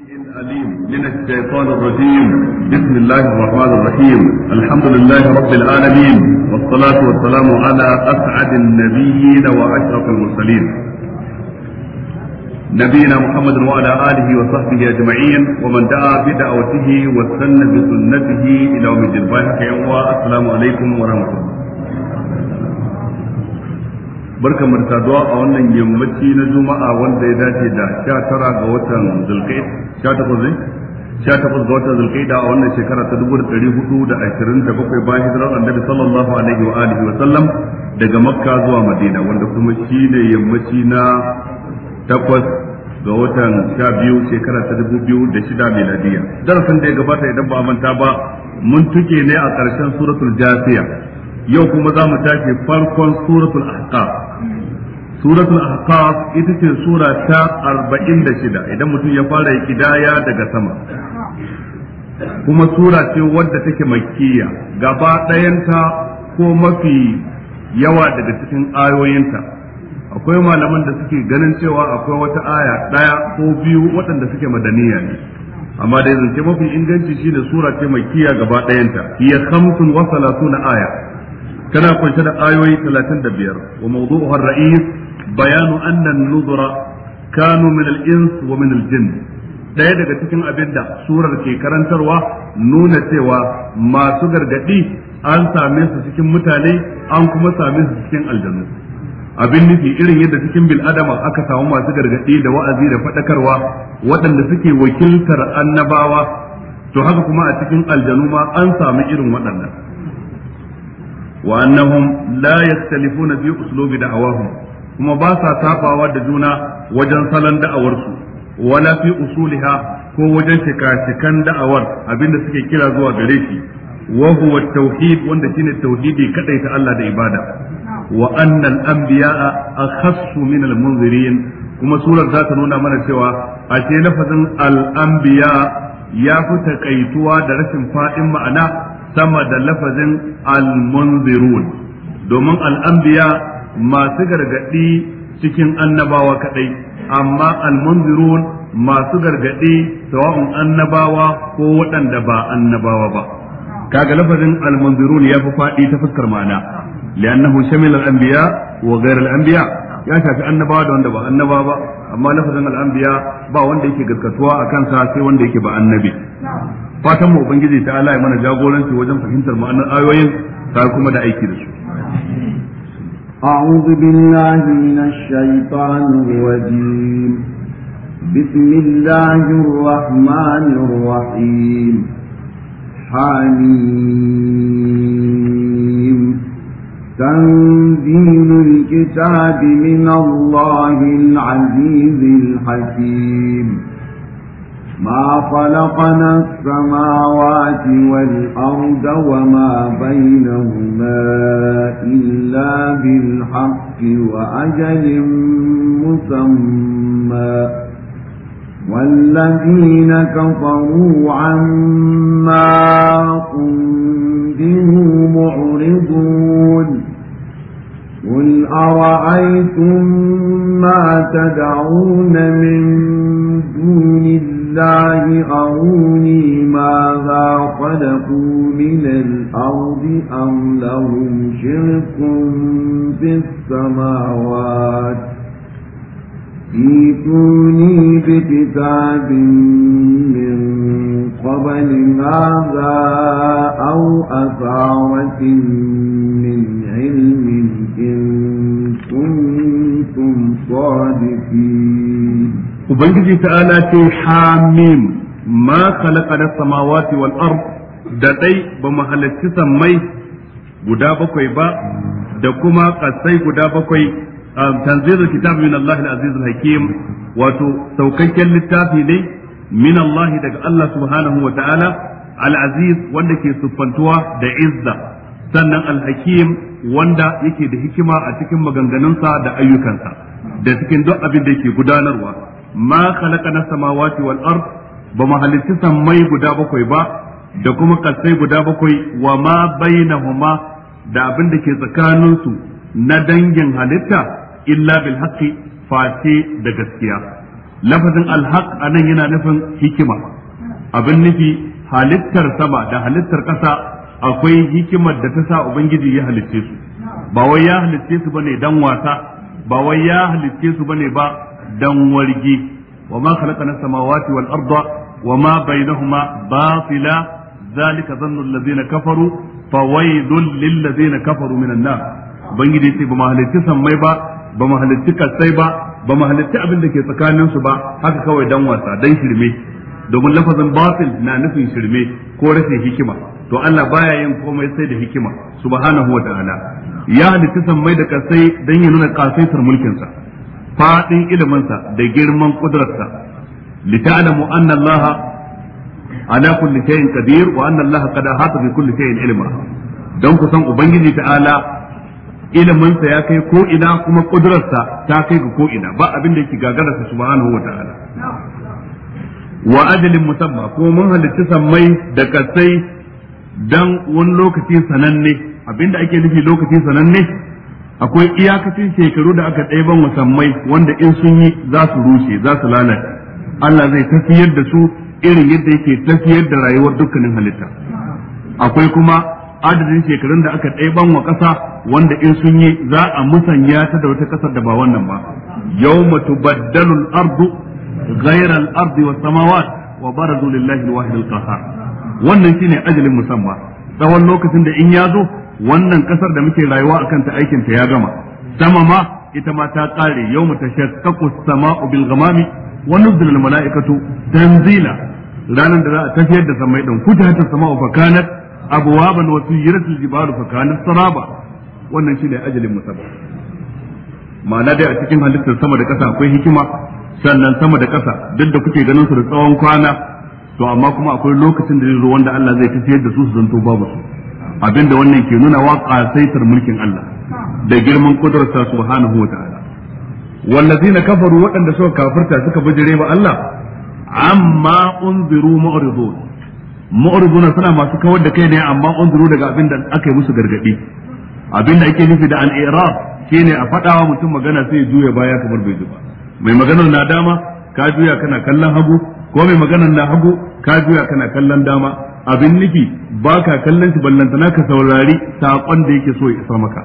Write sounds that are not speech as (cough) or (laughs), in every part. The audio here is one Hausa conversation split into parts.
الأليم من الشيطان الرجيم بسم الله الرحمن الرحيم الحمد لله رب العالمين والصلاة والسلام على أسعد النبيين وأشرف المرسلين نبينا محمد وعلى آله وصحبه أجمعين ومن دعا بدعوته واستنى بسنته إلى يوم الدين السلام عليكم ورحمة الله barkan mu da saduwa a wannan yammaci na juma'a wanda ya dace da 19 ga watan sha takwas ne sha takwas ga watan zulqaida a wannan shekara ta dubu da ɗari hudu da ashirin da bakwai bayan hijirar annabi sallallahu alaihi wa alihi wa sallam daga makka zuwa madina wanda kuma shi ne yammaci na takwas ga watan sha biyu shekara ta dubu biyu da shida miladiya darasin da ya gabata idan ba manta ba mun tuke ne a ƙarshen suratul jasiya yau kuma za mu tafi farkon suratul ahqaf suratul ahqaf ita ce sura ta 46 idan mutum ya fara kidaya daga sama kuma sura ce wadda take makkiya gaba ɗayanta ko mafi yawa daga cikin ayoyinta akwai malaman da suke ganin cewa akwai wata aya ɗaya ko biyu waɗanda suke madaniya ne amma da zance mafi inganci da sura ce makkiya gaba ɗayanta hiya khamsun wa salatuna aya tana kunshe da ayoyi 35 wa mawdu'uha ar-ra'is bayanu annan nuzura kanu min al wa min daya daga cikin abin da surar ke karantarwa nuna cewa masu gargadi an same su cikin mutane an kuma same su cikin aljanu abin nufi irin yadda cikin bil'adama aka samu masu gargadi da wa'azi da fadakarwa waɗanda suke wakiltar annabawa to haka kuma a cikin aljanu ma an samu irin waɗannan wa annahum la yastalifuna fi uslubi da'awahum kuma ba sa tafawa da juna wajen salon da'awarsu wala fi usuliha ko wajen shika da'awar abinda suke kira zuwa gare shi wa huwa tauhid wanda shine tauhidi kadai ta Allah da ibada wa anna al-anbiya'a akhassu min al-munzirin kuma surar za ta nuna mana cewa a ce lafazin al-anbiya ya fi takaituwa da rashin fa'in ma'ana sama da lafazin al-munzirun domin al-anbiya masu gargadi cikin annabawa kadai amma almunzirun masu gargadi sawa'un annabawa ko waɗanda ba annabawa ba kaga lafazin almunzirun ya fi faɗi ta fuskar ma'ana li'annahu shamil al-anbiya wa ghayr al-anbiya ya shafi annabawa da wanda ba annabawa ba amma lafazin al-anbiya ba wanda yake gaskatuwa akan sa sai wanda yake ba annabi fatan mu ubangiji ta ala ya mana jagoranci wajen fahimtar ma'anar ayoyin ta kuma da aiki da su أعوذ بالله من الشيطان الرجيم بسم الله الرحمن الرحيم حميم تنزيل الكتاب من الله العزيز الحكيم ما خلقنا السماوات والأرض وما بينهما إلا بالحق وأجل مسمى والذين كفروا عما أنذروا معرضون قل أرأيتم ما تدعون من دون الله الله أروني ماذا خلقوا من الأرض أم لهم شرك في السماوات ائتوني بكتاب من قبل هذا أو أثارة من علم إن كنتم صادقين ubangiji ta'ala ce hamim ma khalaqa samawati wal ard da dai ba mu halarci sammai guda bakwai ba da kuma kasai guda bakwai tanzilul kitab min Allah al-aziz al-hakim wato saukakken littafi ne min Allah daga Allah subhanahu wa ta'ala al-aziz wanda ke sufantuwa da izza sannan al-hakim wanda yake da hikima a cikin maganganunsa da ayyukansa da cikin duk abin da yake gudanarwa ma khalaqana samawati wal ard ba mu halitti sammai guda bakwai ba da kuma kasai guda bakwai wa ma bainahuma da abin da ke tsakaninsu na dangin halitta illa bil haqqi face da gaskiya lafazin alhaq anan yana nufin hikima abin nufi halittar sama da halittar ƙasa akwai hikimar da ta sa ubangiji ya halicce su ba wai ya halicce su bane dan wasa ba wai ya halicce su bane ba dan wargi wa ma khalaqna samawati wal arda wa ma bainahuma batila zalika zannu allazina kafaru fawailul lil ladzina kafaru minan nar ubangiji yace ba mu halitta sammai ba ba mu halitta kasai ba ba mu halitta abin da ke tsakanin su ba haka kawai dan wasa dan shirme domin lafazin batil na nufin shirme ko rashin hikima to Allah baya yin komai sai da hikima subhanahu wa ta'ala ya halitta sammai da kasai dan ya nuna kasaitar mulkinsa sa fadin iliminsa da girman kudurarsa lita'lamu anna Allah ala kulli shay'in qadir wa anna Allah qad bi kulli shay'in ilma don ku san ubangiji ta'ala iliminsa ya kai ko ina kuma kudurarsa ta kai ga ko ina ba abin da yake gagararsa subhanahu wa ta'ala wa ajalin musamma ko mun halitta sammai da kasai dan wani lokaci sananne abinda ake nufi lokaci sananne akwai iyakacin shekaru da aka ɗaiban musammai wanda in sun yi za su rushe za su lalata. Allah zai tafiyar da su irin yadda yake tafiyar da rayuwar dukkanin halitta akwai kuma adadin shekarun da aka ɗaiban wa ƙasa wanda in sun yi za a musanya ta da wata ƙasar da ba wannan ba Yau matu baddalul ardu ghayra ardi was samawat wa barazu lillahi al-wahid al-qahhar wannan shine ajalin musamman. tsawon lokacin da in ya zo wannan kasar da muke rayuwa akan ta aikin ta ya gama sama ma ita ma ta kare mu ta as-sama'u bil ghamami wa nuzila al mala'ikatu tanzila ranar da za a tafiyar da samai din futahat ta samau fa kanat abwaban wa suyirat al-jibalu fa kanat saraba wannan shine ajalin musabba ma'ana dai a cikin halittar sama da kasa akwai hikima sannan sama da kasa duk da kuke ganin su da tsawon kwana to amma kuma akwai lokacin da zai zo wanda Allah zai tafiyar da su su zanto babu su abinda wannan ke nuna wa kasaitar mulkin Allah da girman kudurta subhanahu wa ta'ala wallazina kafaru waɗanda suka kafirta suka bijire ba Allah amma unziru mu'ridun mu'riduna suna masu kawar da kai ne amma unziru daga abinda aka yi musu gargadi Abinda ake nufi da al-i'rab shine a faɗawa mutum magana sai ya juya baya kamar bai ji ba mai maganar na dama ka juya kana kallon hagu ko mai maganan na hagu ka juya kana kallon dama abin nufi ba ka kallon shi ballantana ka saurari saƙon da yake so ya isa maka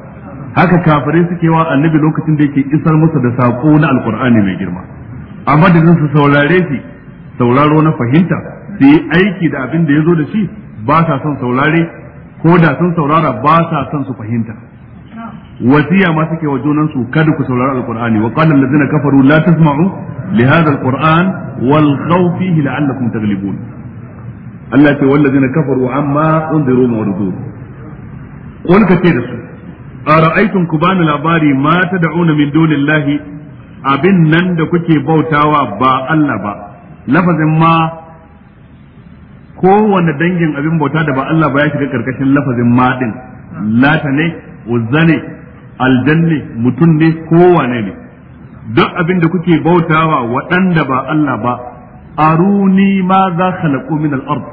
haka kafirai suke wa annabi lokacin da yake isar musu da saƙo na alkur'ani mai girma amma da su saurare shi sauraro na fahimta su yi aiki da abin da ya zo da shi ba sa son saurare ko da sun saurara ba sa son su fahimta wasiya ma suke wa junansu kada ku saurari alqur'ani wa qala allazina kafaru la tasma'u li hadha alqur'an wal ghaw fihi la'allakum taghlibun Allah ce wallazina kafaru amma unziru mu'ridun qul ka ce da su ara'aytum ku bani labari ma tad'una min dunillahi abin nan da kuke bautawa ba Allah ba lafazin ma kowane dangin abin bauta da ba Allah ba ya shiga karkashin lafazin ma din lata ne uzza ne aljanne mutum ne kowane ne duk abin da kuke bautawa waɗanda ba Allah ba aruni ma za khalaqu min al-ard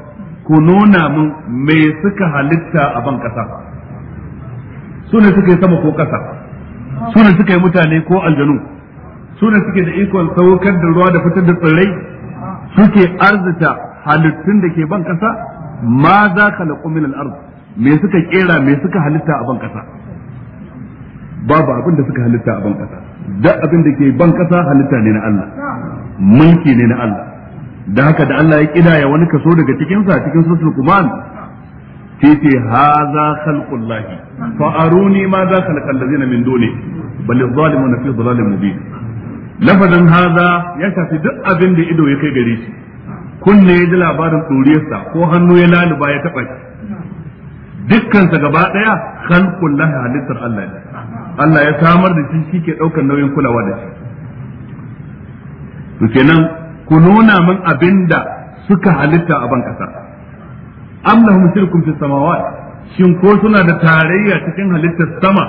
ku nuna mun me suka halitta a ban kasa su suka yi sama ko kasa su suka yi mutane ko aljanu su suke da ikon saukar da ruwa da fitar da tsirrai suke arzita halittun da ke ban kasa ma za khalaqu min al-ard me suka kera me suka halitta a ban kasa babu abin da suka halitta a ban kasa duk abin da ke ban kasa halitta ne na Allah mulki ne na Allah da haka da Allah ya kidaya wani kaso daga cikin sa cikin suratul Quman sai ce haza khalqullahi fa aruni ma za khalqal ladzina min duni bal zalimuna fi dhalalin mubin lafazin haza ya shafi duk abin da ido ya kai gare shi kunne ya ji labarin ɗuriyarsa ko hannu ya laluba ya taɓa shi dukkansa gaba ɗaya khalqul halittar Allah ne Allah ya samar da shi shi ke ɗaukar nauyin kulawa da shi to kenan ku nuna min abinda suka halitta a ban kasa am shirkum fi samawat shin ko suna da tarayya cikin halittar sama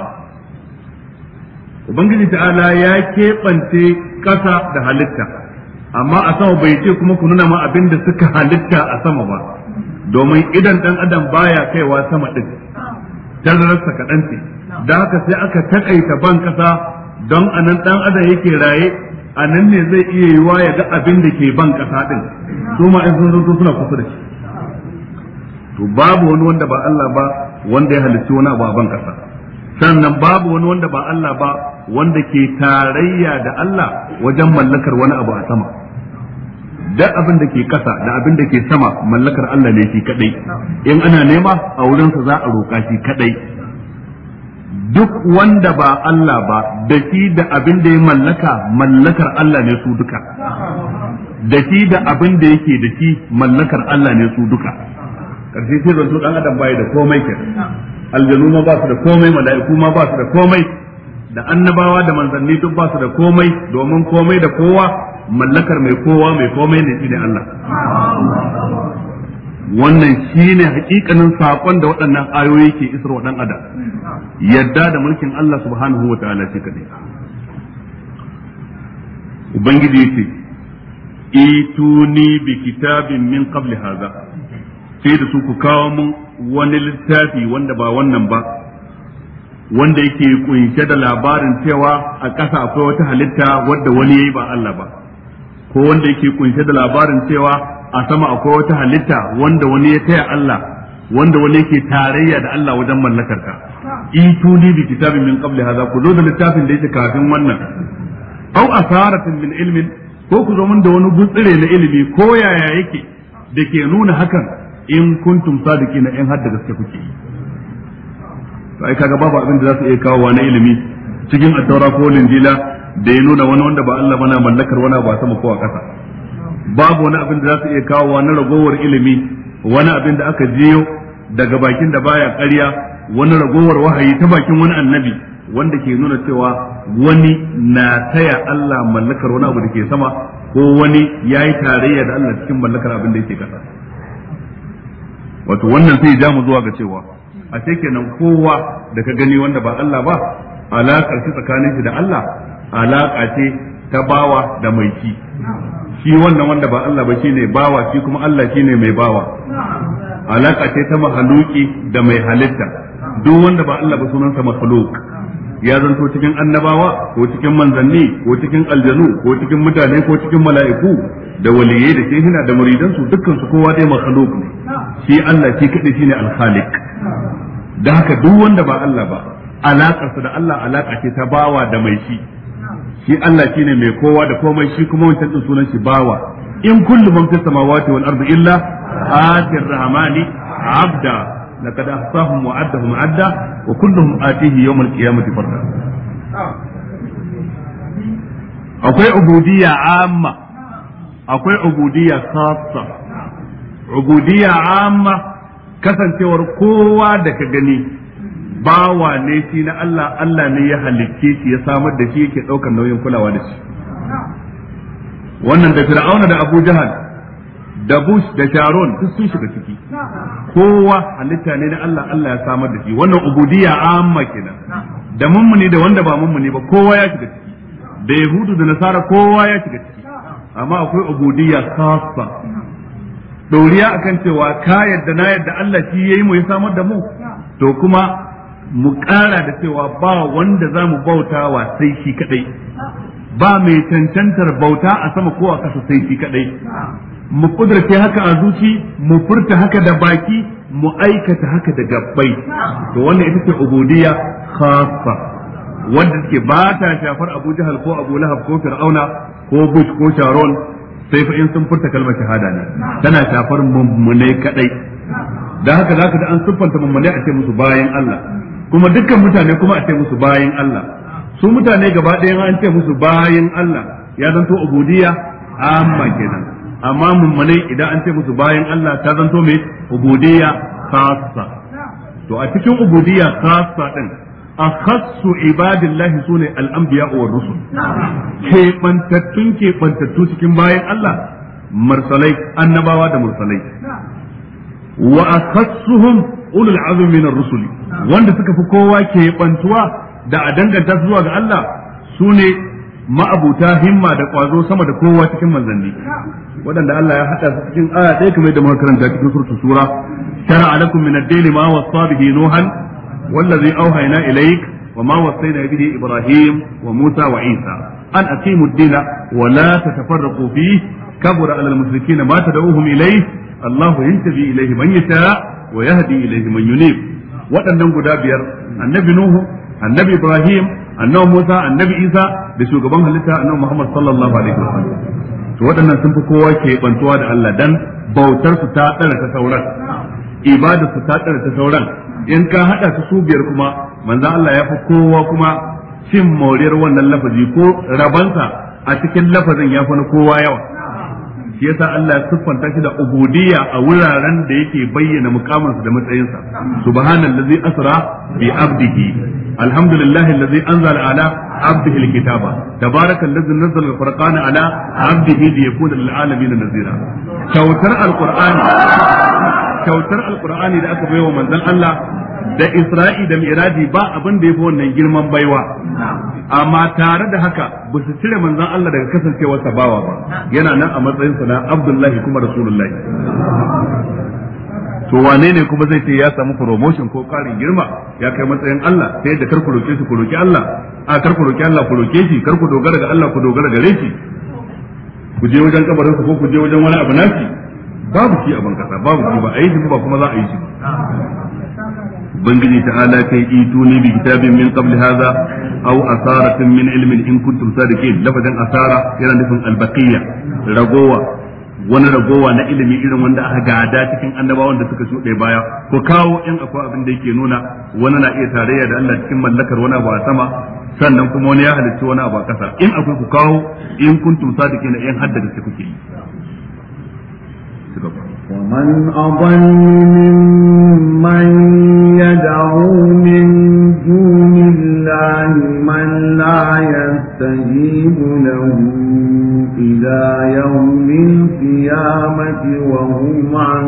ubangiji ta'ala ya keɓance kasa da halitta amma a sama bai ce kuma ku nuna min abinda suka halitta a sama ba domin idan dan adam baya kaiwa sama din tazararsa kaɗan ce da haka sai aka takaita ban kasa don anan dan adam yake raye anan ne zai iya yi wa ya ga abin da ke ban kasa din su ma in sun zo suna kusa da shi to babu wani wanda ba Allah ba wanda ya halicci wani abu a ban kasa sannan babu wani wanda ba Allah ba wanda ke tarayya da Allah wajen mallakar wani abu a sama da abin da ke kasa da abin da ke sama mallakar Allah ne shi kadai in ana nema a wurinsa za a roƙa shi kadai duk wanda ba Allah ba da shi da abin da ya mallaka mallakar Allah ne su duka da shi da abin da yake da shi mallakar Allah ne su duka karshe sai zanto dan adam bai da komai ke aljanu ma ba su da komai mala'iku ma ba su da komai da annabawa da manzanni duk ba su da komai domin komai da kowa mallakar mai kowa mai komai ne shi ne Allah wannan shi ne hakikanin saƙon da waɗannan ayoyi ke isar wa ɗan ada. yadda da mulkin Allah subhanahu wa ta'ala shi kaɗai. ubangiji yace ituni bi kitabin min qabli haza, sai da su ku kawo mun wani littafi wanda ba wannan ba wanda yake kunshe da labarin cewa a ƙasa akwai wata halitta wadda wani yayi ba Allah ba ko wanda yake kunshe da labarin cewa a sama akwai wata halitta wanda wani ya taya Allah wanda wani yake tarayya da Allah wajen mallakar ka ituni bi kitabin min qabli hadha ku zo da littafin da yake kafin wannan aw asaratin min ilmin ko ku zo da wani gutsire na ilimi ko yaya yake da ke nuna hakan in kuntum sadiqin in har da gaske kuke to ai kaga babu abin da za su iya kawo na ilimi cikin attaura ko linjila da ya nuna wani wanda ba Allah bana mallakar wani ba sama ko a kasa babu wani abin da za su iya wa na ragowar ilimi wani abin da aka jiyo daga bakin da baya ƙarya wani ragowar wahayi ta bakin wani annabi wanda ke nuna cewa wani na taya Allah mallakar wani abu da ke sama ko wani ya yi tarayya da Allah cikin mallakar abin da yake kasa wato wannan sai ja mu zuwa ga cewa a ce kenan kowa da ka gani wanda ba Allah ba alaƙar shi tsakanin shi da Allah alaƙa ce ta bawa da mai ci shi wannan wanda ba Allah ba shine bawa shi kuma Allah shine mai bawa alaka ce ta mahaluki da mai halitta duk wanda ba Allah ba sunansa mahaluk ya zanto cikin annabawa ko cikin manzanni ko cikin aljanu ko cikin mutane ko cikin mala'iku da waliyai da ke hina da muridansu dukkan su kowa dai mahaluk ne shi Allah shi kadai shine al dan da haka duk wanda ba Allah ba alakarsa da Allah alaka ce ta bawa da mai shi shi Allah shine mai kowa da komai shi kuma wancan din sunan shi bawa in kullu man fis samawati wal ardi illa atir rahmani abda laqad ahsahum wa addahum adda wa kulluhum atihi yawm al qiyamati farda akwai ubudiyya amma akwai ubudiyya khassa ubudiyya amma kasancewar kowa da ka gani bawa ne shi na Allah Allah ne ya halicce shi ya samar da shi yake daukar nauyin kulawa da shi wannan da fir'auna da abu jahal da bush da sharon duk sun shiga ciki kowa halitta ne na Allah Allah ya samar da shi wannan ubudiyya amma kenan da mummuni da wanda ba mummuni ba kowa ya shiga ciki da yahudu da nasara kowa ya shiga ciki amma akwai ubudiyya khassa doriya akan cewa ka yadda na yadda Allah shi yayi mu ya samar da mu to kuma mu ƙara da cewa ba wanda za mu wa sai shi kadai ba mai cancantar bauta a sama ko a kasa sai shi kadai mu kudurce haka a zuci mu furta haka da baki mu aikata haka da gabbai to wannan ita ce ubudiyya khassa wanda take ba ta shafar Abu Jahal ko Abu Lahab ko Fir'auna ko Bush ko Sharon sai fa in sun furta kalmar shahada ne tana shafar mummune kadai da haka zaka da an siffanta mummune a ce musu bayan Allah kuma dukkan mutane kuma a ce musu bayan Allah su mutane gaba ɗaya an ce musu bayan Allah ya zanto ubudiyya amma kenan amma mummunai idan an ce musu bayan Allah ta zanto mai ubudiyya khassa to a cikin ubudiyya khassa din akhassu ibadillahi sune al-anbiya wa rusul ke bantattun ke bantattu cikin bayan Allah mursalai annabawa da mursalai wa akhassuhum ulul azmi minar rusuli wanda suka fi kowa ke bantuwa da a danganta zuwa ga Allah sune ma'abuta himma da kwazo sama da kowa cikin manzanni waɗanda Allah ya haɗa su cikin aya ɗaya kamar da muka karanta cikin suratul sura shara'a lakum min ad-dini ma wasa bihi nuhan wallazi awhayna ilayk wa ma wasayna bihi ibrahim wa musa wa isa an aqimu ad-dina wa la tatafarraqu fihi kabura 'ala al-mushrikeena ma tad'uuhum ilayhi Allah yantabi ilayhi man yasha' wa yahdi ilayhi man yunib waɗannan guda biyar annabi nuhu annabi ibrahim annabi musa annabi isa da shugaban halitta annabi muhammad sallallahu alaihi wasallam to waɗannan sun fi kowa ke bantuwa da Allah dan bautar su ta tsara ta sauran ibada su ta tsara ta sauran in ka hada su su biyar kuma manzo Allah ya fi kowa kuma cin moriyar wannan lafazi ko rabonsa a cikin lafazin ya fi na kowa yawa shi yasa Allah ya siffanta shi da ubudiyya a wuraren da yake bayyana mukamansa da matsayinsa subhanallazi asra bi abdihi alhamdulillahi allazi anzala ala abdihi alkitaba tabarakallazi nazzala alfurqana ala abdihi liyakuna lilalamin nazira kyautar alqur'ani kyautar alqur'ani da aka baiwa manzon Allah da isra'i da mi'raji ba abin da yafi wannan girman baiwa amma tare da haka ba su cire manzon Allah daga kasancewar bawa ba yana nan a matsayin sa na Abdullahi kuma Rasulullahi to wane ne kuma zai ce ya samu promotion ko karin girma ya kai matsayin Allah sai da kar ku roke shi ku roki Allah a kar ku roki Allah ku roke shi kar ku dogara ga Allah ku dogara gare shi ku je wajen kabarin ko ku je wajen wani abu shi, babu shi a bankasa babu shi ba a yi shi ba kuma za a yi shi ubangiji ta ala kai ituni bi kitabin min qabli hadha aw asaratin min ilmin in kuntum sadiqin lafazin asara yana nufin albaqiya ragowa wani ragowa na ilimi irin wanda aka gada cikin annabawan da suka shuɗe baya ku kawo in akwai abin da yake nuna wani na iya tarayya da Allah cikin mallakar wani abu a sama sannan kuma wani ya halicci wani abu a ƙasa in akwai ku kawo in kuntum sadiqina in hadda da kuke ومن أضل ممن يدعو من دون الله من لا يستجيب له إلى يوم القيامة وهم عن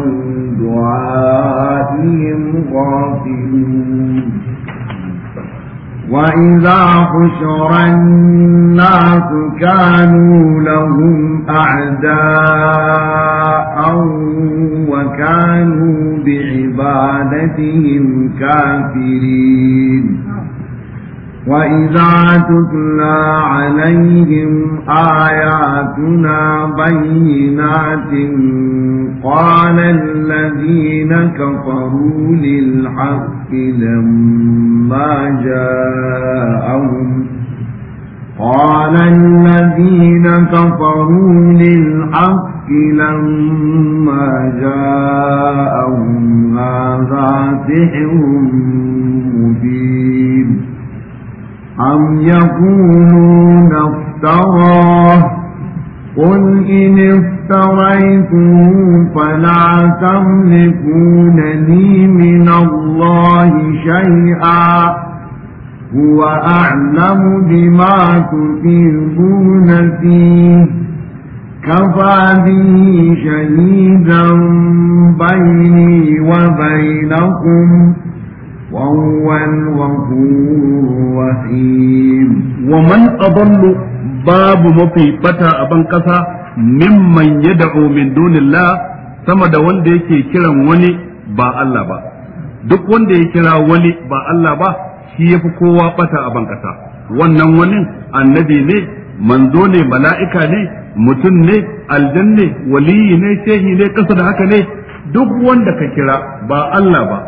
دعائهم غافلون وإذا حشر الناس كانوا لهم أعداء وكانوا بعبادتهم كافرين وإذا تتلى عليهم آياتنا بينات قال الذين كفروا للحق لما جاءهم قال الذين كفروا للحق لما جاءهم هذا سحر مبين أم يقولون افتراه قل إن افتريته فلا تملكون لي من الله شيئا هو أعلم بما تفيضون فيه كفى به شهيدا بيني وبينكم وهو الغفور الرحيم ومن أضل باب مطيبتا أبن قصى ممن يدعو من دون الله sama da wanda yake kiran wani ba ba duk wanda ya kira wani ba Allah ba shi yafi kowa bata a bankasa wannan wani annabi ne manzo ne mala'ika ne mutum ne ne waliyi ne shehi ne kasa da haka ne duk wanda ka kira ba Allah ba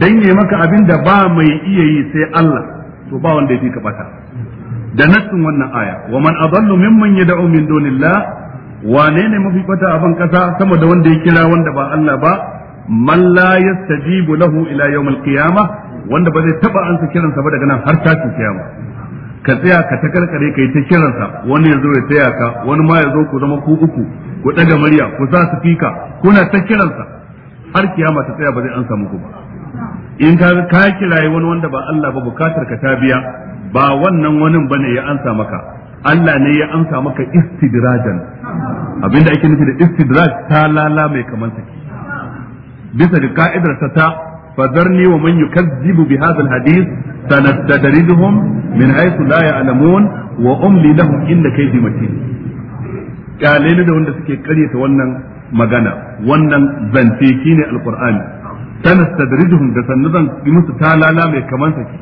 dan yayi maka abin da ba mai iya yi sai Allah to ba wanda yake bata da nassin wannan aya wa man adallu mimman yad'u min dunillah wane ne mafi fata a kasa sama da wanda ya kira wanda ba Allah ba man la yastajibu lahu ila yawmil qiyamah wanda ba zai taba ansa kiransa ba daga nan har ta kiyama ka tsaya ka ta karkare kai ta kiransa wani ya zo ya tsaya ka wani ma ya zo ku zama ku uku ku ɗaga murya ku sa su fika kuna ta kiransa har kiyama ta tsaya ba zai ansa muku ba in ka ka kiraye wani wanda ba Allah ba bukatar ka ta biya ba wannan wani bane ya ansa maka Allah ne ya ansa maka istidrajan abinda ake nufi da istidraj ta lala mai kaman saki bisa ga ka'idar ta ta fadarni wa man yukazzibu bi hadha alhadith sanastadrijuhum min haythu la ya'lamun wa umli lahum inna kaydi matin kyale da wanda suke karyata wannan magana wannan zance shine alqur'ani sanastadrijuhum da sannu zan yi musu talala mai kaman saki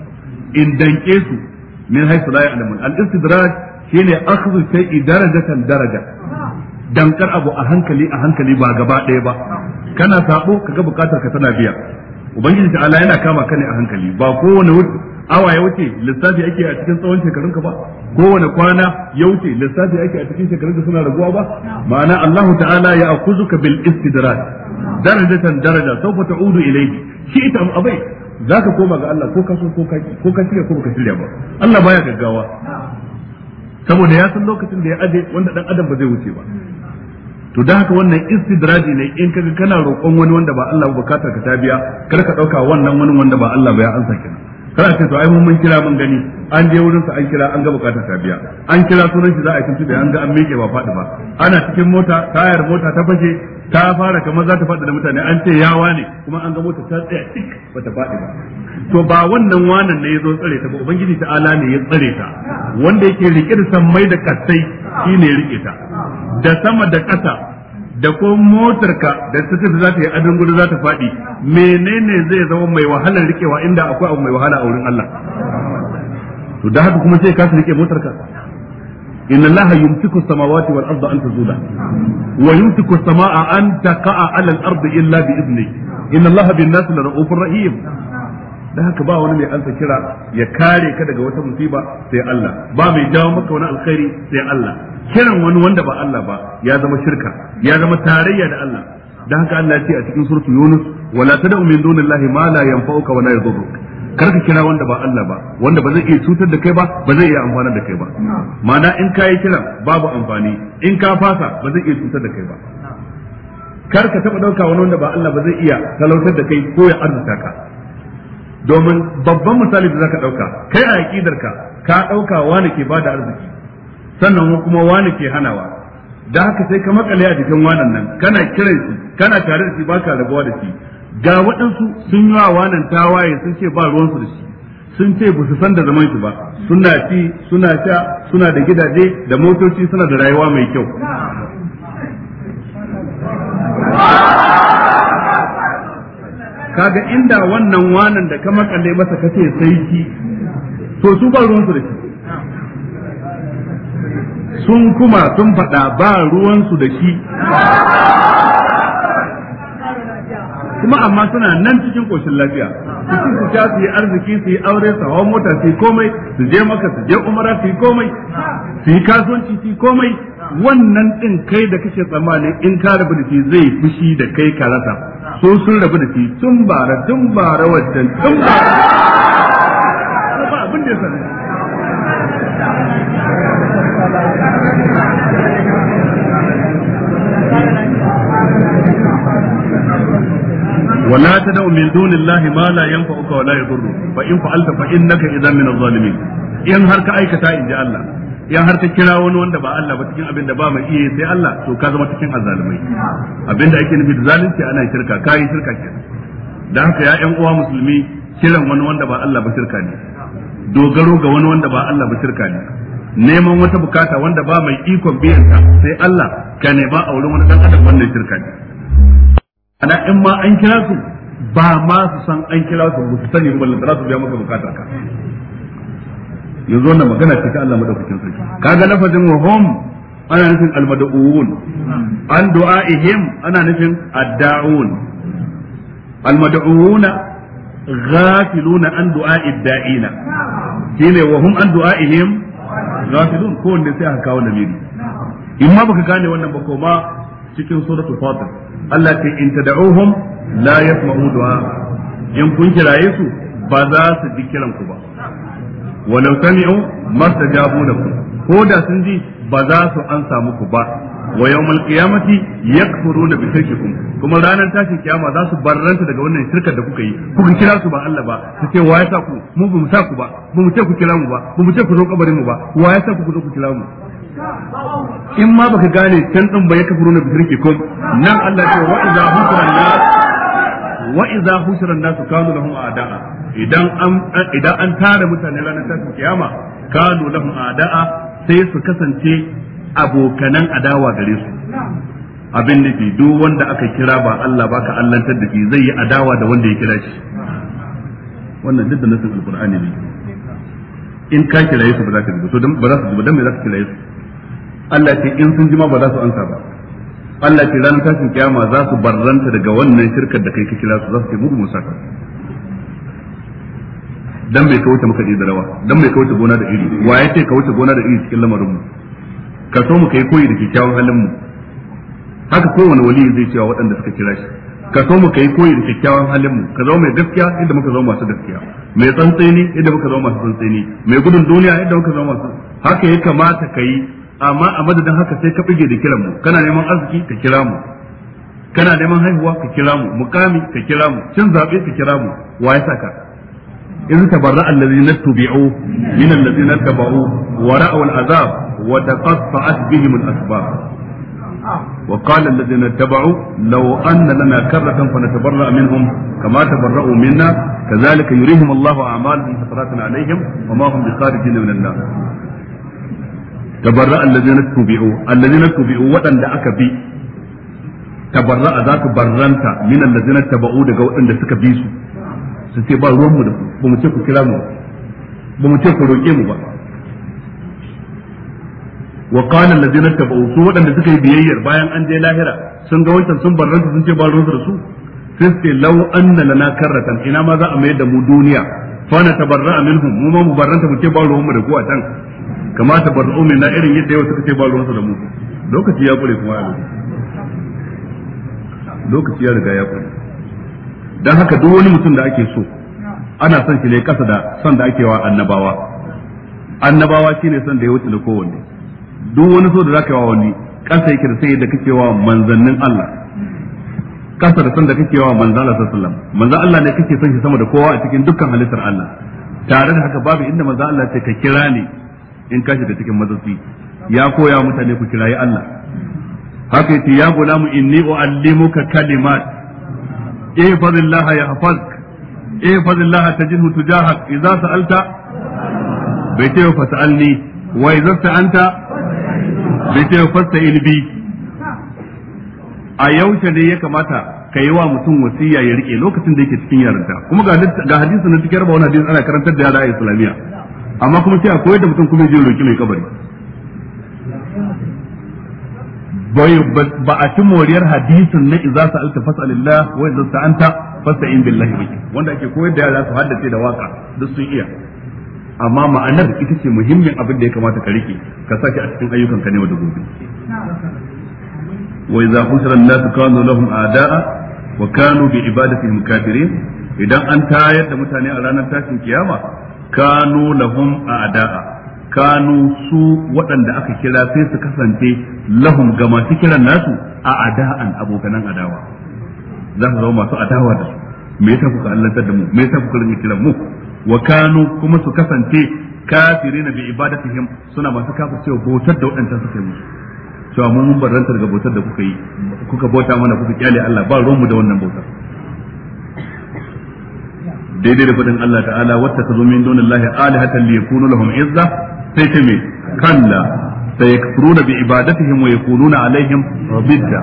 in danke su min haythu la ya'lamun al-istidraj shine akhdhu shay'i darajatan daraja dankar abu a hankali a hankali ba gaba ɗaya ba kana sabo kaga bukatar ka tana biya ubangiji ta ala yana kama ka ne a hankali ba kowane awa ya wuce lissafi ake a cikin tsawon shekarun ka ba kowane kwana ya wuce lissafi ake a cikin shekarun ka suna raguwa ba ma'ana Allah ta'ala ya akuzuka bil istidraj darajatan daraja sawfa ta'udu ilayhi shi ita abai zaka koma ga Allah ko ka so ko ka ko ka ko baka shirya ba Allah baya gaggawa saboda ya san lokacin da ya aje wanda dan adam ba zai wuce ba to da haka wannan istidraji ne in kaga kana roƙon wani wanda ba Allah bukatar ka ta biya kar ka dauka wannan wani wanda ba Allah ba ya ansa kenan kar a ce to ai mun kira mun gani an je wurin sa an kira an ga bukatar ta biya an kira sunan shi za a an ga an miƙe ba faɗi ba ana cikin mota tayar mota ta fashe ta fara kamar za ta faɗi da mutane an ce yawa ne kuma an ga mota ta tsaya tik ba ta faɗi ba to ba wannan wanan ne ya zo tsare ta ba ubangiji ta ala ne ya tsare ta wanda yake rike da sammai da ne shine rike ta da sama da ƙasa da ko motarka da ta tafi za ta yi adon gudu za ta faɗi menene zai zama mai wahalar rikewa inda akwai abu mai wahala a wurin Allah to da haka kuma sai ka rike motarka inna allaha yumsiku samawati wal arda an tazula wa yumsiku samaa an taqa'a ala al ardi illa bi idni inna allaha bin nasi la ra'ufur rahim da haka ba wani mai ansa kira ya kare ka daga wata musiba sai Allah ba mai jawo maka wani alkhairi sai Allah kiran wani wanda ba Allah ba ya zama shirka ya zama tarayya da Allah da haka Allah ya ce a cikin suratul Yunus wala tad'u min dunillahi ma la yanfa'uka wa la yadhurruk karka kira wanda ba Allah ba wanda ba zai iya cutar da kai ba ba zai iya amfana da kai ba ma'ana in ka yi kiran babu amfani in ka fasa ba zai iya cutar da kai ba kar ka taba dauka wani wanda ba Allah ba zai iya talautar da kai ko ya arzuta ka domin babban misali da zaka dauka kai a aqidarka ka dauka wani ke bada arziki sannan kuma wani ke hanawa da haka sai ka makale a jikin wanan nan kana kiran shi kana tare da shi baka rabuwa da shi ga waɗansu sun yi wa wanan tawaye sun ce ba ruwansu da shi sun ce ba su san da zaman shi ba suna ci suna sha suna da gidaje da motoci suna da rayuwa mai kyau kaga inda wannan wanan da ka makalle masa kace sai ki to su ba ruwan su da shi sun kuma sun faɗa ba ruwan su da shi kuma amma suna nan cikin koshin lafiya cikin su sha su yi arziki su yi aure su hawa mota su yi komai su je maka su je umara su yi komai su yi kasuwanci su yi komai wannan din kai da kake tsammani in ka rabu da zai fushi da kai ka rasa so sun rabu da shi tun bara tun bara tun bara abin da ya ولا تدعوا من دون الله ما لا ينفعك ولا يضرك فإن فعلت فإنك إذا من الظالمين إن هرك أيكتا إن جاء الله yan har ta kira wani wanda ba Allah ba cikin abin da ba mai iya sai Allah to ka zama cikin azalumai abin da ake nufi da zalunci ana shirka kayan shirka ke dan haka ya yan uwa musulmi kiran wani wanda ba Allah ba shirka ne dogaro ga wani wanda ba Allah ba shirka ne neman wata bukata wanda ba mai ikon biyan ta sai Allah ka ne ba a wurin wani dan adam wannan shirka ne ana in ma an kira su ba ma su san an kira su ba su sani ba za su biya maka bukatar ka yanzu na magana ce ta Allah madaukakin sarki kaga lafazin wa hum ana nufin almad'un an du'a'ihim ana nufin adda'un almad'una ghafiluna an du'a'id da'ina shine wa hum an du'a'ihim ghafilun ko wanda sai aka kawo lamiri in ma baka gane wannan ba ko ma cikin suratul fatir Allah ce in tad'uhum la yasma'u du'a kiraye su ba za su ji kiran ku ba walau sami'u da lakum ko da sun ji ba za su ansa muku ba wa yawmal qiyamati yakfuruna bi shirkikum kuma ranar tashin kiyama za su barranta daga wannan shirkar da kuka yi kuka kira su ba Allah ba su ce wa ya sa ku mu ba mu sa ku ba Mu mu ce ku kira mu ba Mu mu ce ku zo kabarin mu ba wa ya sa ku zo ku kira mu in ma baka gane can din ba yakfuruna bi shirkikum nan Allah ya ce wa idza hukuma wa idza hushira nasu kanu lahum a'da'a idan an idan an tara mutane ranar tashin kiyama kanu lahum a'da'a sai su kasance abokanan adawa gare su abin nufi duk wanda aka kira ba Allah ba ka allantar da ke zai yi adawa da wanda ya kira shi wannan duk da nasin alqur'ani ne in ka kira su ba za ka ji ba to dan ba za su ji ba dan me za ka kira su Allah ce in sun ji ma ba za su ansa ba Allah ce ranar tashin kiyama za su barranta daga wannan shirkar da kai ka kira su za su ce mugu musa dan bai kauce maka da rawa dan bai kauce gona da iri wa ya ce kauce gona da iri cikin lamarin mu ka so mu kai koyi da kyakkyawan halin mu haka kowane wali zai cewa waɗanda suka kira shi ka so mu kai koyi da kyakkyawan halin mu ka zama mai gaskiya inda muka zama masu gaskiya mai tsantseni inda muka zama masu tsantseni mai gudun duniya inda muka zama masu haka ya kamata ka yi amma a madadin haka sai ka bige da kiran mu kana neman arziki ka kira mu kana neman haihuwa ka kira mu mukami ka kira mu cin zabe ka kira mu wa ya saka in tabarra alladhina tubi'u min alladhina tabu wara'u al'azab wa taqatta'at bihim al'asbab wa qala alladhina tabu law anna lana karatan fa natabarra minhum kama tabarra'u minna kadhalika yurihim Allahu a'malahum hasaratan 'alayhim wa ma hum bi kharijin min an-nar tabarra allazina tubi'u allazina tubi'u waɗanda aka bi tabarra za su barranta min allazina taba'u daga waɗanda suka bi su su ce ba ruwan da ba mu ce ku kira mu ba ce ku roƙe mu ba wa qala allazina taba'u su waɗanda suka yi biyayyar bayan an je lahira sun ga wancan sun ce ruwan su karratan ina ma za a mayar da mu duniya fa na tabarra minhum mu ma mu barranta mu ce ba ruwan mu da ku a can kama tabarra'u na irin yadda yau suka ce ba ruwan su da mu lokaci ya kure kuma a lokaci ya riga ya kure dan haka duk wani mutum da ake so ana son shi ne kasa da son da ake wa annabawa annabawa shine son da ya wuce da kowanne duk wani so da zaka yi wa wani kasa yake da sai da kake wa manzannin Allah Kasa da san da kake yawa manzo Allah sallallahu alaihi wasallam manzo Allah ne kake son shi sama da kowa a cikin dukkan halittar Allah tare da haka babu inda manzo Allah ce ka kira ni in kashi da cikin mazafi ya koya mutane ku kirayi Allah haka yace ya gulamu inni uallimuka kalimat ihfazillah eh, yahfazk ihfazillah eh, tajidhu tujahak idza sa'alta bai ce fa sa'alni wa idza sta'anta bai ce fasta'in bi a yaushe ne ya kamata ka yi wa mutum wasiya ya rike lokacin da yake cikin yarinta kuma ga hadisi na cikin rabawa hadisi ana karantar da yara islamiyya amma kuma sai a koyar da mutum kuma je roki mai kabari ba a ci moriyar hadisin na idza sa'alta fas'alillah wa idza sa'anta fasta'in billahi biki wanda ake koyar da yara su haddace da waka duk sun iya amma ma'anar ita ce muhimmin abin da ya kamata ka rike ka sake a cikin ayyukan ka ne wa gobe Wai idza hushira an-nas kanu lahum a'da'a wa kanu bi ibadatihim kafirin idan an tayar da mutane a ranar tashin kiyama kanu lahum a'da'a kanu su waɗanda aka kira sai su kasance lahum ga masu kiran nasu a ada'an abokanan adawa za su zama masu adawa da su me yasa kuka allantar da mu me yasa kuka rinka kiran mu wa kanu kuma su kasance kafirin bi ibadatihim suna masu kafircewa bautar da waɗanda suke musu cewa mu mun barantar ga bautar da kuka yi kuka bauta mana kuka kyale Allah ba ruwanmu da wannan bautar daidai da fadin Allah ta'ala wata ta zo min donin Allah alihatan li yakunu lahum izza sai ta me kalla sai yakfuruna bi ibadatihim wa yakununa alaihim bidda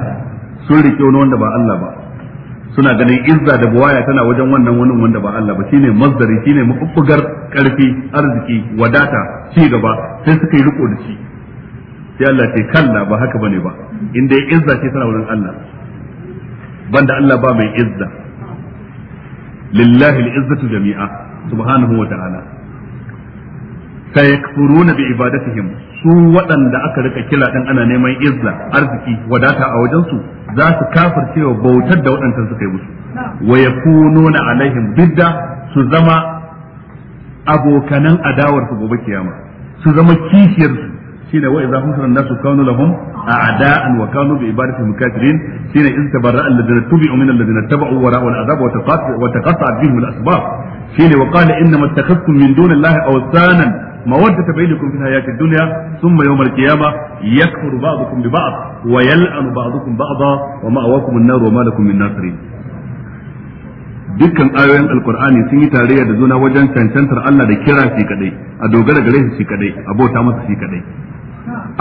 sun rike wani wanda ba Allah ba suna ganin izza da buwaya tana wajen wannan wani wanda ba Allah ba shine mazdari shine mafuffugar karfi arziki wadata ci gaba sai suka yi riko da shi sai Allah ce kalla ba haka bane ba inda ya izza ce tana wurin Allah banda Allah ba mai izza lillahi al-izzatu jami'a subhanahu wa ta'ala sayakfuruna bi ibadatihim su waɗanda aka rika kira dan ana neman izza arziki wadata a wajen su za su kafircewa bautar da waɗanda suka yi musu wa yakununa alaihim bidda su zama abokanan adawar su gobe kiyama su zama kishiyarsu. shine wa idza husran nasu kanu lahum a'da'an wa kanu bi ibadatihim kafirin shine in tabarra'a alladhina tubi'u min alladhina taba'u wa ra'u al'azab wa taqatta wa taqatta'at bihim al-asbab shine wa qala inna mattakhadhtum min dunillahi awsanan mawaddata bainakum fil hayati ad-dunya thumma yawm al-qiyamah yakfuru ba'dukum bi ba'd wa yal'anu ba'dukum ba'dha wa ma'awakum an-nar wa ma lakum min nasirin dukkan ayoyin alkur'ani sun yi tarayya da juna wajen cancantar Allah da kira shi kadai a dogara gare shi kadai a bauta masa shi kadai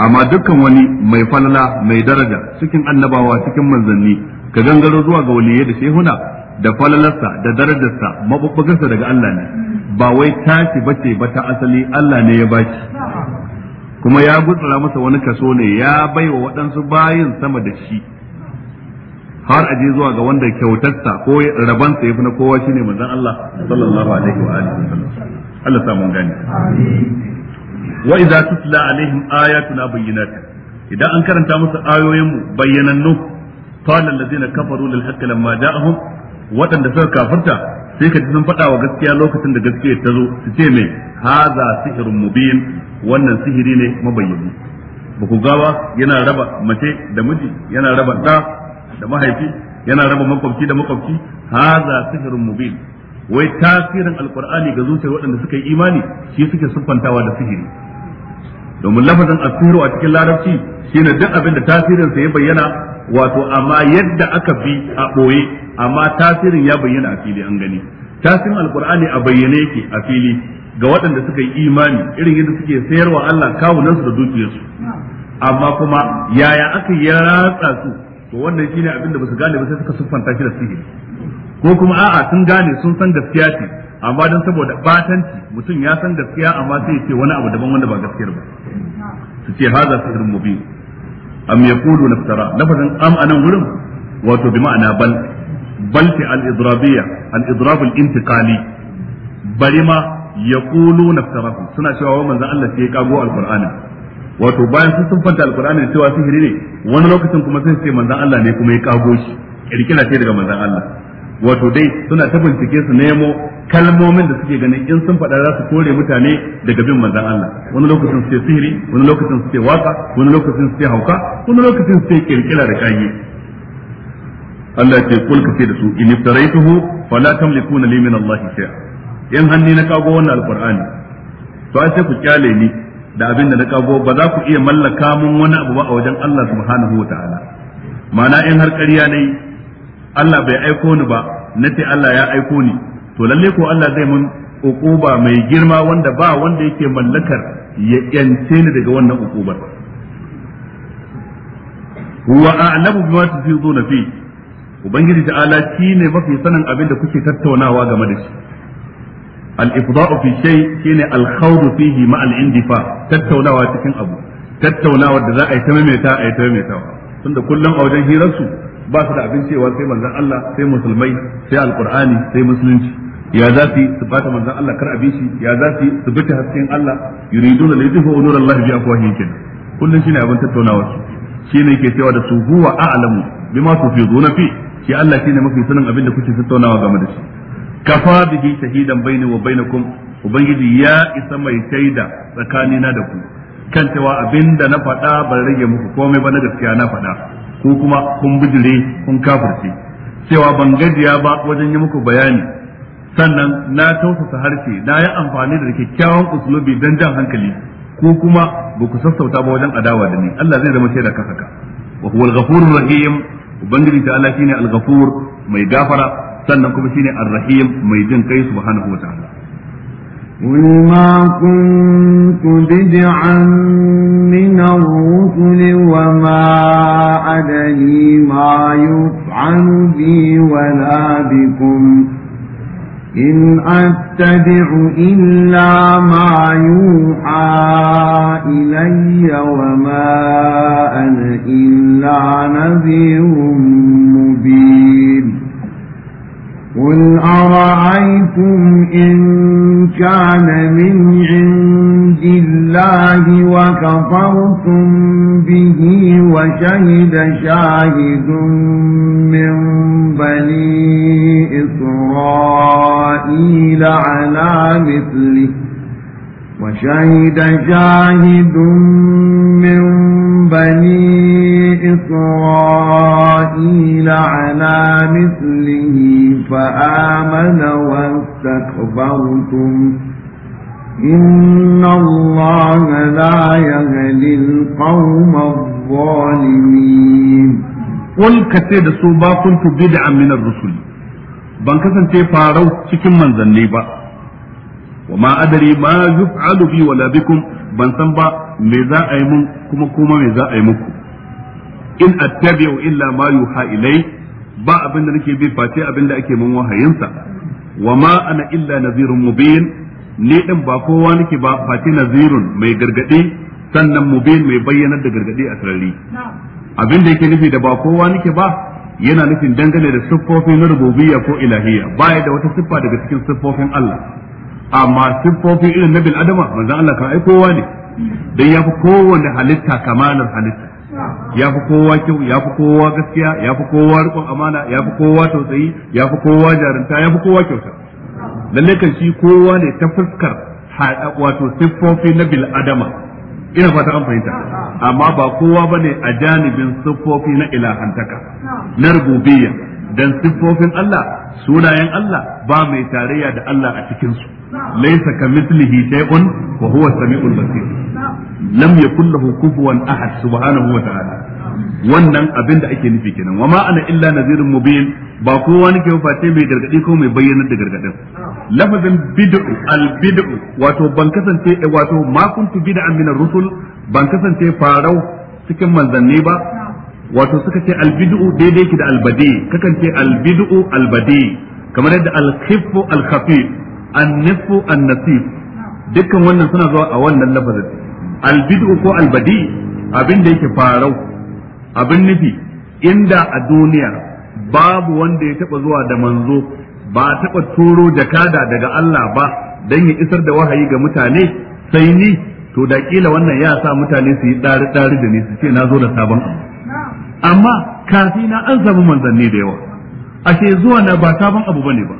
amma dukkan wani mai falala mai daraja cikin annabawa cikin manzanni ka gangaro zuwa ga Waliya da shehuna da falalarsa da darajarsa mabubbugarsa daga Allah ne ba wai tashi bace ba ta asali Allah ne ya baki kuma ya gutsura masa wani kaso ne ya baiwa waɗansu bayin sama da shi har a je zuwa ga wanda kyautarsa ko rabansa ya fi na kowa shine manzon Allah sallallahu alaihi wa alihi wasallam Allah sa mun gani amin wa idza tutla alaihim ayatuna bayyinatin idan an karanta musu ayoyin mu bayyanannu qala allazina kafaru lil haqqi lamma ja'ahum wadanda suka kafirta sai ka ji sun faɗawa wa gaskiya lokacin da gaskiya ta zo su ce mai haza sihirun mubin wannan sihiri ne mabayyani ba gawa yana raba mace da miji yana raba ɗa da mahaifi yana raba makwabci da makwabci haza sihirun mubin wai tasirin alqur'ani ga zuciyar waɗanda suka yi imani shi suke siffantawa da sihiri domin lafazin asiru a cikin larabci shine duk abin da tasirin sa ya bayyana wato amma yadda aka bi a boye amma tasirin ya bayyana a fili an gani tasirin alqur'ani a bayyane yake a fili ga waɗanda suka yi imani irin yadda suke sayarwa Allah kawunan su da dukiyarsu amma kuma yaya aka yi ratsa su to wannan shine abin da basu gane ba sai suka siffanta shi da sihiri ko kuma a'a sun gane sun san gaskiya ce amma don saboda batanci mutum ya san gaskiya amma sai ya ce wani abu daban wanda ba gaskiyar ba su ce haza su sihrun mubin am yaqulu naftara lafazin am a nan gurin wato bi ma'ana bal bal fi al idrabiyya al idrab al intiqali bari ma ya yaqulu naftara suna cewa wa manzon Allah sai ya kago al qur'ani wato bayan sun sunfanta al qur'ani cewa sihiri ne wani lokacin kuma sai ce manzon Allah ne kuma ya kago shi kirkira ce daga manzon Allah wato dai suna ta bincike su nemo kalmomin da suke ganin in sun faɗa za su kore mutane daga bin manzan Allah wani lokacin su ce sihiri wani lokacin su ce waka wani lokacin su ce hauka wani lokacin su ce kirkira da kayi Allah ce kul kace da su in iftaraituhu fala tamlikuna li min Allah shay'a in hanni na kago wannan alqur'ani to ai sai ku kyale ni da abin da na kago ba za ku iya mallaka mun wani abu ba a wajen Allah subhanahu wataala ma'ana in har ƙarya ne Allah bai aiko ni ba nace Allah ya aiko ni to lalle ko Allah zai mun ukuba mai girma wanda ba wanda yake mallakar ya yance ni daga wannan ukubar huwa a'lamu bima tufiduna fi ubangiji ta'ala shine mafi sanin abin da kuke tattaunawa game da shi al-ifda'u fi shay shine al-khawd fihi ma al-indifa tattaunawa cikin abu tattaunawa da za a yi ta maimaita a yi ta maimaitawa tunda kullum a wajen hirarsu ba su da abin cewa sai manzon Allah sai musulmai sai alkur'ani sai musulunci ya za su su bata manzon Allah kar a shi ya za su su bi hasken Allah yuriduna la yudhifu nurallahi bi afwahihim kenan kullum shine abin tattaunawa su shine yake cewa da su huwa a'lamu bima tufiduna fi shi Allah shine mafi sanin abin da kuke tattaunawa game da shi kafa bihi shahidan baini wa bainakum ubangiji ya isa mai shaida tsakanina da ku kan cewa da na faɗa ban rage muku komai ba na gaskiya na faɗa ko kuma kun bijire kun kafirce cewa ban gajiya ba wajen yi muku bayani sannan na tausasa harshe na yi amfani da kyakkyawan uslubi don jan hankali ko kuma ba ku sassauta ba wajen adawa da ni Allah zai zama shaida kasaka wa huwa al rahim ubangiji ta Allah shine al-ghafur mai gafara sannan kuma shine ar-rahim mai jin kai subhanahu wa ta'ala قل ما كنت بدعا من الرسل وما أدري ما يفعل بي ولا بكم إن أتبع إلا ما يوحى إلي وما أنا إلا نذير مبين قل أرأيتم إن كان من عند الله وكفرتم به وشهد شاهد من بني إسرائيل على مثله وشهد شاهد من بني إسرائيل على مثله فآمن واستكبرتم إن الله لا يهدي القوم الظالمين قل كثير سوبا كنت بدعا من الرسل ban kasance farau cikin manzanni ba wa ma adari ma yuf'alu bi wala bikum ban san ba me za yi mun kuma kuma me za a yi muku in attabi'u illa ma yuha ilai ba abin da nake bi face abin da ake min wahayinsa wa ma ana illa nazirun mubin ni din ba kowa nake ba face nazirun mai gargadi sannan mubin mai bayyanar da gargadi a sarari abin da yake nufi da ba kowa nake ba yana nufin dangane da siffofi na rububiyya ko ilahiyya baya da wata siffa daga cikin siffofin Allah amma siffofi irin na bil adama manzon Allah kan ai kowa ne dan yafi kowanne halitta kamalar halitta ya fi kowa kyau ya fi kowa gaskiya ya fi kowa riƙon amana ya fi kowa tausayi ya fi kowa jarinta ya fi kowa kyauta lalle kan shi kowa ne ta fuskar wato siffofi na bil adama ina fata an fahimta amma ba kowa bane a janibin siffofi na ilahantaka na rububiyya dan siffofin Allah sunayen Allah ba mai tarayya da Allah a cikin su ليس كمثله شيء وهو huwa البصير لم يكن lam كفوا احد سبحانه ahad ta'ala wannan abin da ake nufi kenan wama ana illa nazirin mubin ba kowa nake ba face mai gargadi ko mai bayyanar da gargadin lafazin bid'u al bid'u wato ban kasance wato ma kuntu bid'an min ar-rusul ban kasance farau cikin manzanni ba wato suka ce al bid'u daidai ki da al badi kakan ce al bid'u al badi kamar yadda al khifu al khafi annifu annasif dukkan wannan suna zuwa a wannan lafazin albid'u ko albadi abin da yake farau abin nufi inda a duniya babu wanda ya taba zuwa da manzo ba taba turo jakada daga Allah ba dan ya isar da wahayi ga mutane sai ni to da kila wannan ya sa mutane su yi dari dari da ni su ce na zo da sabon amma kafina an samu manzanni da yawa ashe zuwa na ba sabon abu bane ba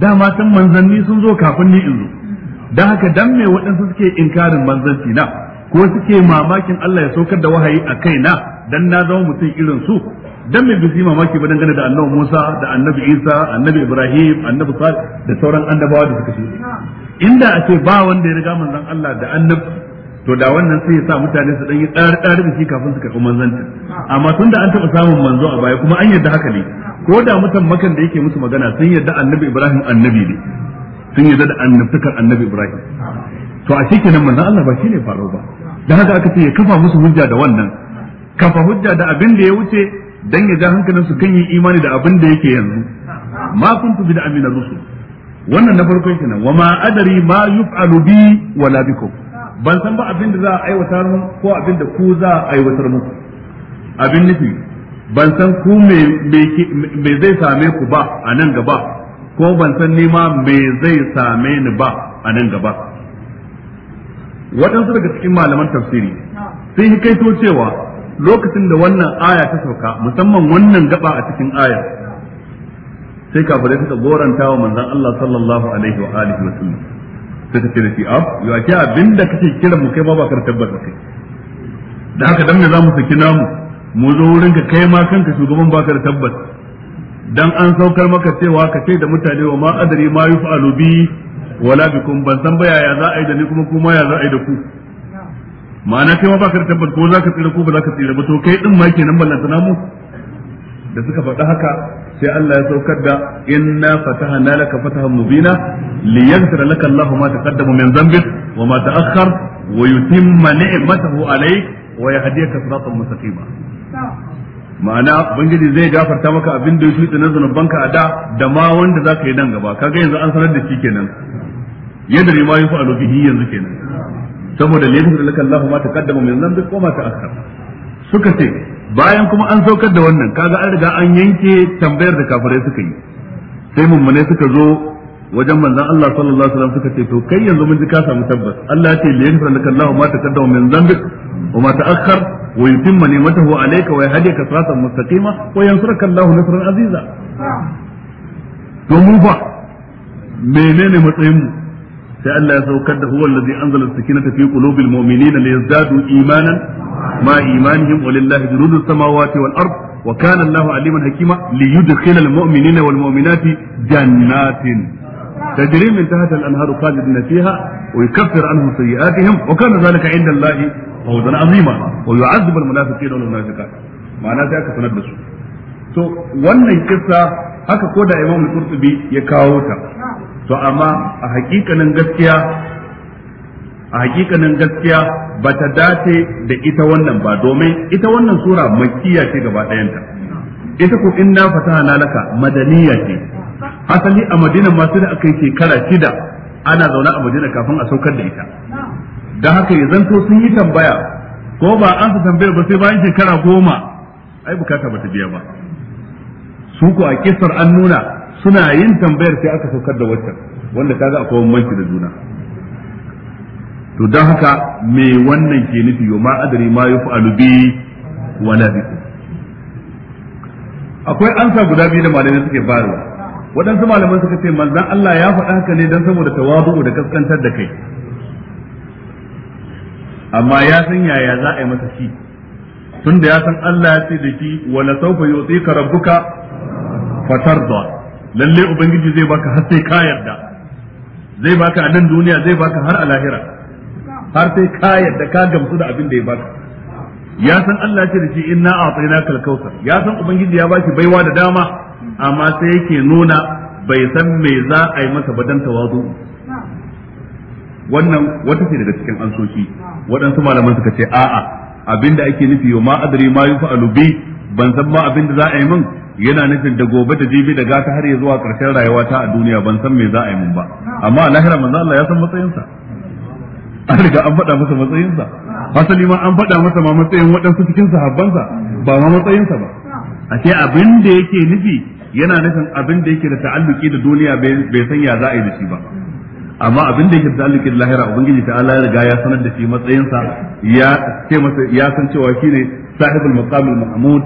dama san manzanni sun zo kafin ni in zo dan haka dan me waɗansu suke inkarin manzanci na ko suke mamakin Allah ya saukar da wahayi a kaina dan na zama mutum irin su dan me bisi mamaki ba dangane da annabi Musa da annabi Isa annabi Ibrahim annabi Salih da sauran annabawa da suka shi inda a ce ba wanda ya riga manzon Allah da annabi to da wannan sai ya sa mutane su dan yi tsari da shi kafin su karɓi manzancin amma tun da an taɓa samun manzo a baya kuma an yarda haka ne ko da mutan makan da yake musu magana sun yarda annabi Ibrahim annabi ne sun yarda da annabtakar annabi Ibrahim to a cikin nan manzon Allah ba shi ne faru ba dan haka aka ce ya kafa musu hujja da wannan kafa hujja da abin da ya wuce dan ya hankalin su kan yi imani da abin da yake yanzu ma kuntu bi da amina rusul wannan na farko kenan wa ma adari ma yuf'alu bi wala bikum ban san ba abin da za a aiwatar mu ko abin da ku za a aiwatar mu abin nufi ban san ku me zai same ku ba a nan gaba ko ban san ni me zai same ni ba a nan gaba waɗansu daga cikin malaman tafsiri sun yi kaito cewa lokacin da wannan aya ta sauka musamman wannan gaba a cikin aya sai kafirai suka goranta wa manzon Allah sallallahu alaihi wa alihi wa sallam sai ka ce da shi ah, a yau ake abin da kake kiran mu kai ma ba ka tabbata kai da haka dan me za mu saki namu mu zo wurin ka kai ma kanka shugaban ba ka tabbata dan an saukar maka cewa ka ce da mutane wa ma adari ma yuf'alu bi wala bikum ban san ba yaya za a yi da ni kuma kuma ya za a yi da ku ma'ana kai ma ba ka da tabbata ko za ka tsira ko ba za ka tsira ba to kai din ma kenan ballanta namu da suka faɗa haka sai Allah ya saukar da inna fatahna laka fatahan mubina liyaghfira laka Allah ma taqaddama min dhanbik wa ma ta'akhkhar wa yutimma ni'matahu alayk wa yahdiyaka siratan mustaqima ma'ana ubangiji zai gafarta maka abin da ya shuɗe na zunubanka a da da ma wanda za ka yi nan gaba kaga yanzu an sanar da shi kenan yadda ne ma yi fa'alu bihi yanzu kenan saboda laifin da laka Allah ma taqaddama min dhanbik wa ma ta'akhkhar suka ce bayan kuma an saukar da wannan kaga an riga an yanke tambayar da kafirai suka yi sai mummune suka zo wajen manzon Allah sallallahu alaihi wasallam suka ce to kai yanzu mun ji ka samu tabbas Allah ya ce la yanfa laka Allah ma taqaddama min dhanbik wa ma ta'akhkhar wa yutimma ni'matahu alayka wa yahdika siratan mustaqima wa yansuruka Allah nasran aziza ah. to mun fa menene matsayin mu sai Allah ya saukar da huwa allazi anzala as-sakinata fi qulubil mu'minina liyazdadu imanan ma imanihim wa lillahi junudu samawati wal ard wa kana Allahu aliman hakima liyudkhila al-mu'minina wal mu'minati jannatin تجري من تحت الانهار خالدين فيها ويكفر عنهم سيئاتهم وكان ذلك عند الله فوزا عظيما ويعذب المنافقين والمنافقات ma'ana sai aka sanar da su to wannan kissa haka ko da imamul qurtubi ya kawo ta to amma a hakikanin gaskiya a hakikanin gaskiya ba ta dace da ita wannan ba domin ita wannan sura makkiya ce gaba ɗayanta ita ko in na fasaha na laka madaniya ce asali a madina masu da aka yi shekara shida ana zaune a madina kafin a saukar da ita da haka ya zanto sun yi tambaya ko ba an su tambayar ba sai bayan shekara goma ai bukata ba ta biya ba su ko a kisar an nuna suna yin tambayar sai aka saukar da waccan wanda kaga akwai bambanci da juna to don haka me wannan ke nufi wa ma adari ma yaf'alu bi wala bikum akwai ansa guda biyu da malamai suke bayarwa waɗansu malamai suka ce manzan Allah ya faɗa haka ne don saboda tawazu da kaskantar da kai amma ya san yaya za a yi masa shi tunda ya san Allah ya ce da shi wala sawfa yutika rabbuka fatarda lalle ubangiji zai baka har sai ka yarda zai baka a nan duniya zai baka har a lahira har sai ka yarda ka gamsu da abin da ya baka ya san Allah ce da shi inna a'tainakal kautsar ya san ubangiji ya baki baiwa da dama amma sai yake nuna bai san me za a yi masa badan tawazu wannan wata ce daga cikin ansoshi waɗansu malaman suka ce a'a abinda ake nufi wa ma adri ma yufa alubi ban san ma abinda za a yi min yana nufin da gobe da jibi da gata har ya zuwa ƙarshen rayuwata a duniya ban san me za a yi mun ba amma lahira manzo Allah ya san matsayinsa an riga an faɗa masa matsayinsa hasali ma an faɗa masa ma matsayin waɗansu cikin sahabbansa ba ma matsayinsa ba a ce abin da yake nufi yana nufin abin da yake da ta'alluki da duniya bai san ya za a yi da shi ba amma abin da yake da ta'alluki da lahira ubangiji ta Allah ya riga ya sanar da shi matsayinsa ya ce masa ya san cewa ne, sahibul maqamul mahmud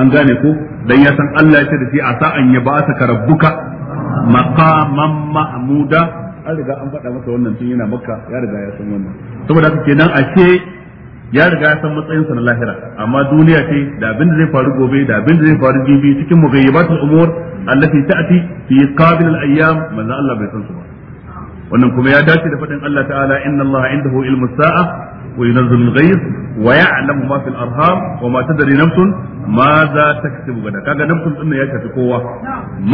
an gane ko dan ya san Allah ya ce da shi a sa'an ya ba ka karabuka maqaman mahmuda an riga an faɗa masa wannan tun yana makka ya riga ya san wannan saboda haka kenan ashe ya riga ya san matsayinsa na lahira amma duniya ce da abin da zai faru gobe da abin da zai faru jibi cikin mughayyibatul umur allati ta'ti fi qabil al ayyam manzo Allah bai san su ba wannan kuma ya dace da faɗin Allah ta'ala inna Allah indahu ilmu sa'a wa yunzilu al-ghayb wa ya'lamu ma fil arham wa ma tadri nafsun ma za taktubu gada kaga nafsun din ya tafi kowa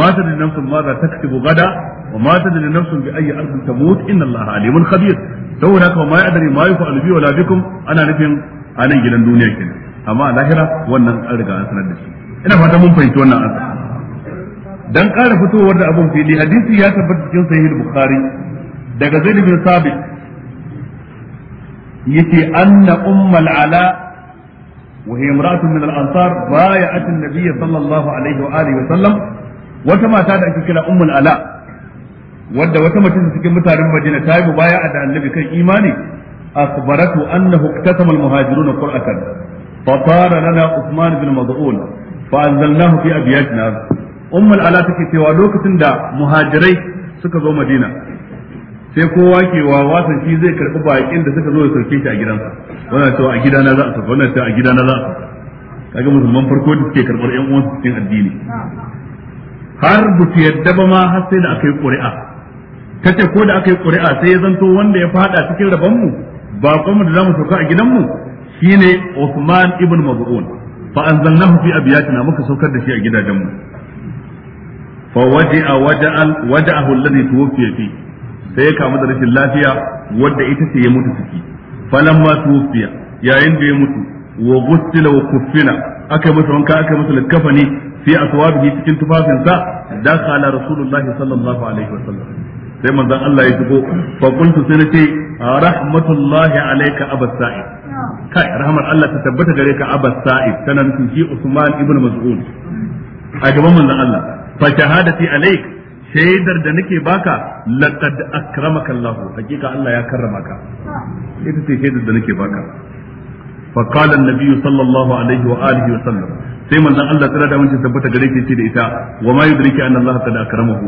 ma tadri nafsun ma za taktubu gada wa ma tadri nafsun bi ayyi ardin tamut inna Allah alimun khabir saboda haka ma ya'dari ma yaf'alu bi wa la bikum ana nufin anan gidan duniya kenan amma a lahira wannan an riga an sanar da shi ina fata mun fahimci wannan an dan ƙara fitowar da abun fili hadisi ya tabbata cikin sahih bukhari daga zaidu bin sabit yace anna ummal ala wa hiya imra'atun min al-ansar bai'at an-nabiy sallallahu alaihi wa wa sallam wata mata da ake kira ummul ala wadda wata mutum cikin mutanen madina ta yi mubaya'a a annabi kan imani akhbaratu annahu iktasama al-muhajiruna qur'atan fatara lana usman bin mad'un fa anzalnahu fi abyatina ummul ala take cewa lokacin da muhajirai suka zo madina sai kowa ke wa wasan shi zai karɓi baƙin da suka zo da sauke shi a gidansa wannan cewa a gidana za a sauka wannan cewa a gidana za a sauka kaga musulman farko da suke karɓar ƴan uwansu cikin addini har ba su yadda ba ma har sai da aka yi ƙuri'a ta ce ko da aka yi ƙuri'a sai ya zanto wanda ya faɗa cikin rabonmu ba kuma da za mu sauka a gidanmu shine Uthman ibn Maz'un fa anzalnahu fi abiyatina muka saukar da shi a gidajenmu fa waja'a waja'al waja'ahu alladhi tuwfiya fihi sai ya kamu da rashin lafiya wadda ita ce ya mutu ciki falamma tufiya yayin da ya mutu wa gustila wa kuffina aka masa wanka aka masa likafani fi aswabihi cikin tufafinsa dakhala rasulullahi sallallahu alaihi wa sallam. sai manzon Allah ya shigo fa kuntu sai nace rahmatullahi alayka abas sa'id kai rahmar Allah ta tabbata gare ka abas sa'id tana nufin shi Usman ibn Mas'ud a gaban manzon Allah fa shahadati alayka shaidar da nake baka laqad akramaka Allah hakika Allah ya karrama ka ita ce shaidar da nake baka fa qala an-nabiy sallallahu alaihi wa alihi wa sallam sai manzon Allah tsara da wancan tabbata gare ke ce da ita wa ma yudriki anna Allah qad akramahu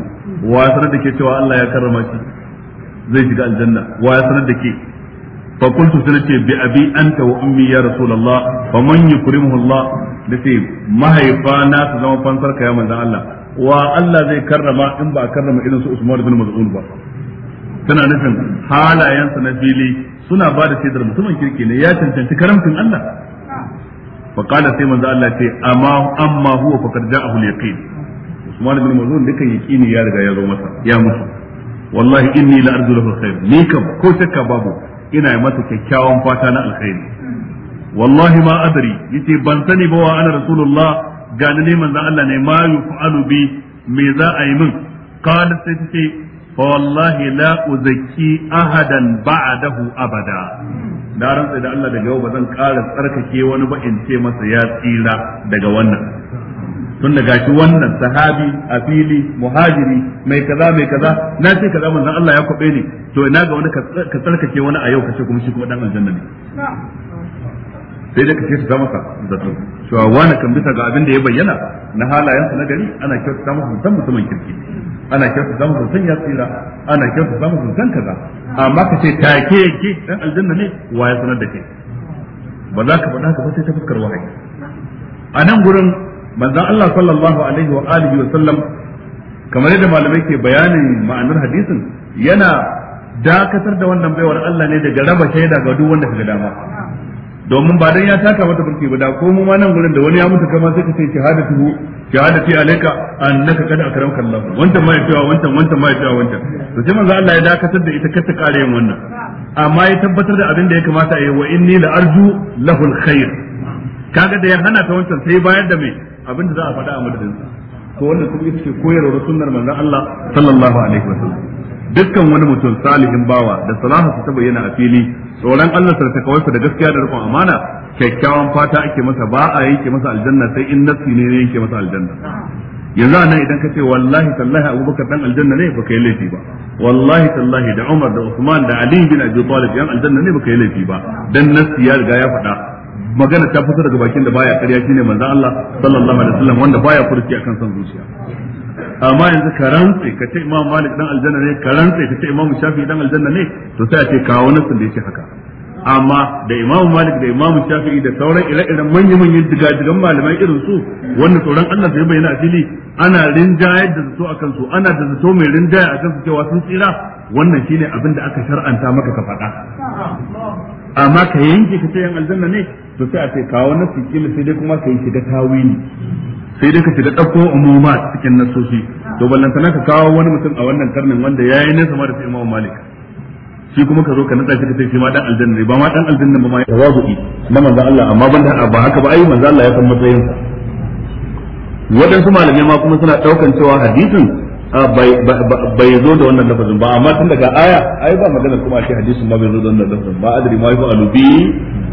wa ya sanar da ke cewa Allah ya karrama shi zai shiga aljanna wa ya sanar da ke fa kuntu sanate bi abi anta wa ummi ya rasulullah fa man yukrimuhu Allah dace mahaifa na su zama fansarka ya manzon Allah wa Allah zai karrama in ba a karrama irin su Usman bin Mas'ud ba tana nufin halayensa na fili suna ba da shaidar mutumin kirki ne ya cancanci karamcin Allah fa qala sai manzo Allah ce amma amma huwa faqad ja'ahu al-yaqin Usman bin Mas'ud dukan yaqini ya riga ya zo masa ya mutu wallahi inni la arju lahu khair ni kam ko taka babu ina yi masa kyakkyawan fata na alkhairi wallahi ma adri yace ban sani ba wa ana rasulullah ga ni ne manzan Allah ne ma fa’alu bi me za a yi min qala sai tace fa wallahi la uzaki ahadan ba'adahu abada na rantsa da Allah daga yau ba zan ƙara tsarkake wani ba in ce masa ya tsira daga wannan tun da gashi wannan sahabi a fili muhajiri mai kaza mai kaza na ce kaza manzan Allah ya kwabe ne to ina ga wani ka tsarkake wani a yau kace kuma shi kuma dan aljanna ne sai da ka ce ta masa zato cewa wani kan bisa ga abin da ya bayyana na su na gari ana kyautata masa musan mutumin kirki ana kyautata masa musan ya tsira ana kyautata masa musan kaza amma ka ce take yake dan aljanna ne wa ya sanar da ke ba za ka faɗa ka ba sai ta fuskar wahayi a nan gurin manzon Allah sallallahu alaihi wa alihi wa sallam kamar yadda malamai ke bayanin ma'anar hadisin yana dakatar da wannan baiwar Allah ne daga raba shaida ga duk wanda kaga dama domin ba dan ya taka mata burki ba da ko mu ma nan gurin da wani ya mutu kama sai ka ce shahadatu shahadati alayka annaka kad akramka Allah wancan ma ya cewa wancan wancan ma ya cewa wancan to sai manzo Allah ya dakatar da ita katta kare yin wannan amma ya tabbatar da abin da ya kamata a yi wa inni la arju lahu alkhair kaga da ya hana ta wancan sai bayar da mai abin da za a faɗa a madadin to wannan kuma ita ce koyarwar sunnar manzon Allah sallallahu alaihi wasallam dukkan wani mutum salihin bawa da salahansa ta bayyana a fili tsoron Allah sa ta kawai da gaskiya da rikon amana kyakkyawan fata ake masa ba a yanke masa aljanna sai in nafsi ne yanke masa aljanna yanzu a nan idan ka ce wallahi tallahi abubakar dan aljanna ne baka yi laifi ba wallahi tallahi da Umar da Usman da Ali bin Abi Talib yan aljanna ne baka yi laifi ba dan nafsi ya riga ya faɗa magana ta fito daga bakin da baya ƙarya shine manzo Allah sallallahu alaihi wasallam wanda baya furci akan san zuciya amma yanzu ka rantse ka ce imam malik dan aljanna ne ka rantse ka ce imam shafi dan aljanna ne to sai a ce kawo sun da yake haka amma da imam malik da imam Shafi da sauran ire-iren manya-manyan digadigan malamai irin su wanda tsoron allah sai bayyana a fili ana rinjaye da zato a kansu ana da zato mai rinjaye a kansu cewa sun tsira wannan shine abin da aka shar'anta maka ka faɗa amma ka yanke ka ce yan aljanna ne to sai a ce kawo sun kila sai dai kuma ka yi shiga tawili sai dai ka shiga ɗauko umuma cikin nasoshi to ballantana ka kawo wani mutum a wannan karnin wanda ya yi nesa ma da sai imamu malik shi kuma ka zo ka nada shi ka sai shi ma dan aljanna ne ba ma dan aljanna ba ma ya tawazu'i na manzon Allah amma ban da ba haka ba ai manzon Allah ya san matsayin sa waɗansu malamai ma kuma suna ɗaukan cewa hadisin bai zo da wannan lafazin ba amma tun daga aya ai ba magana kuma a ce hadisin ba bai zo da wannan lafazin ba adri ma yafu alubi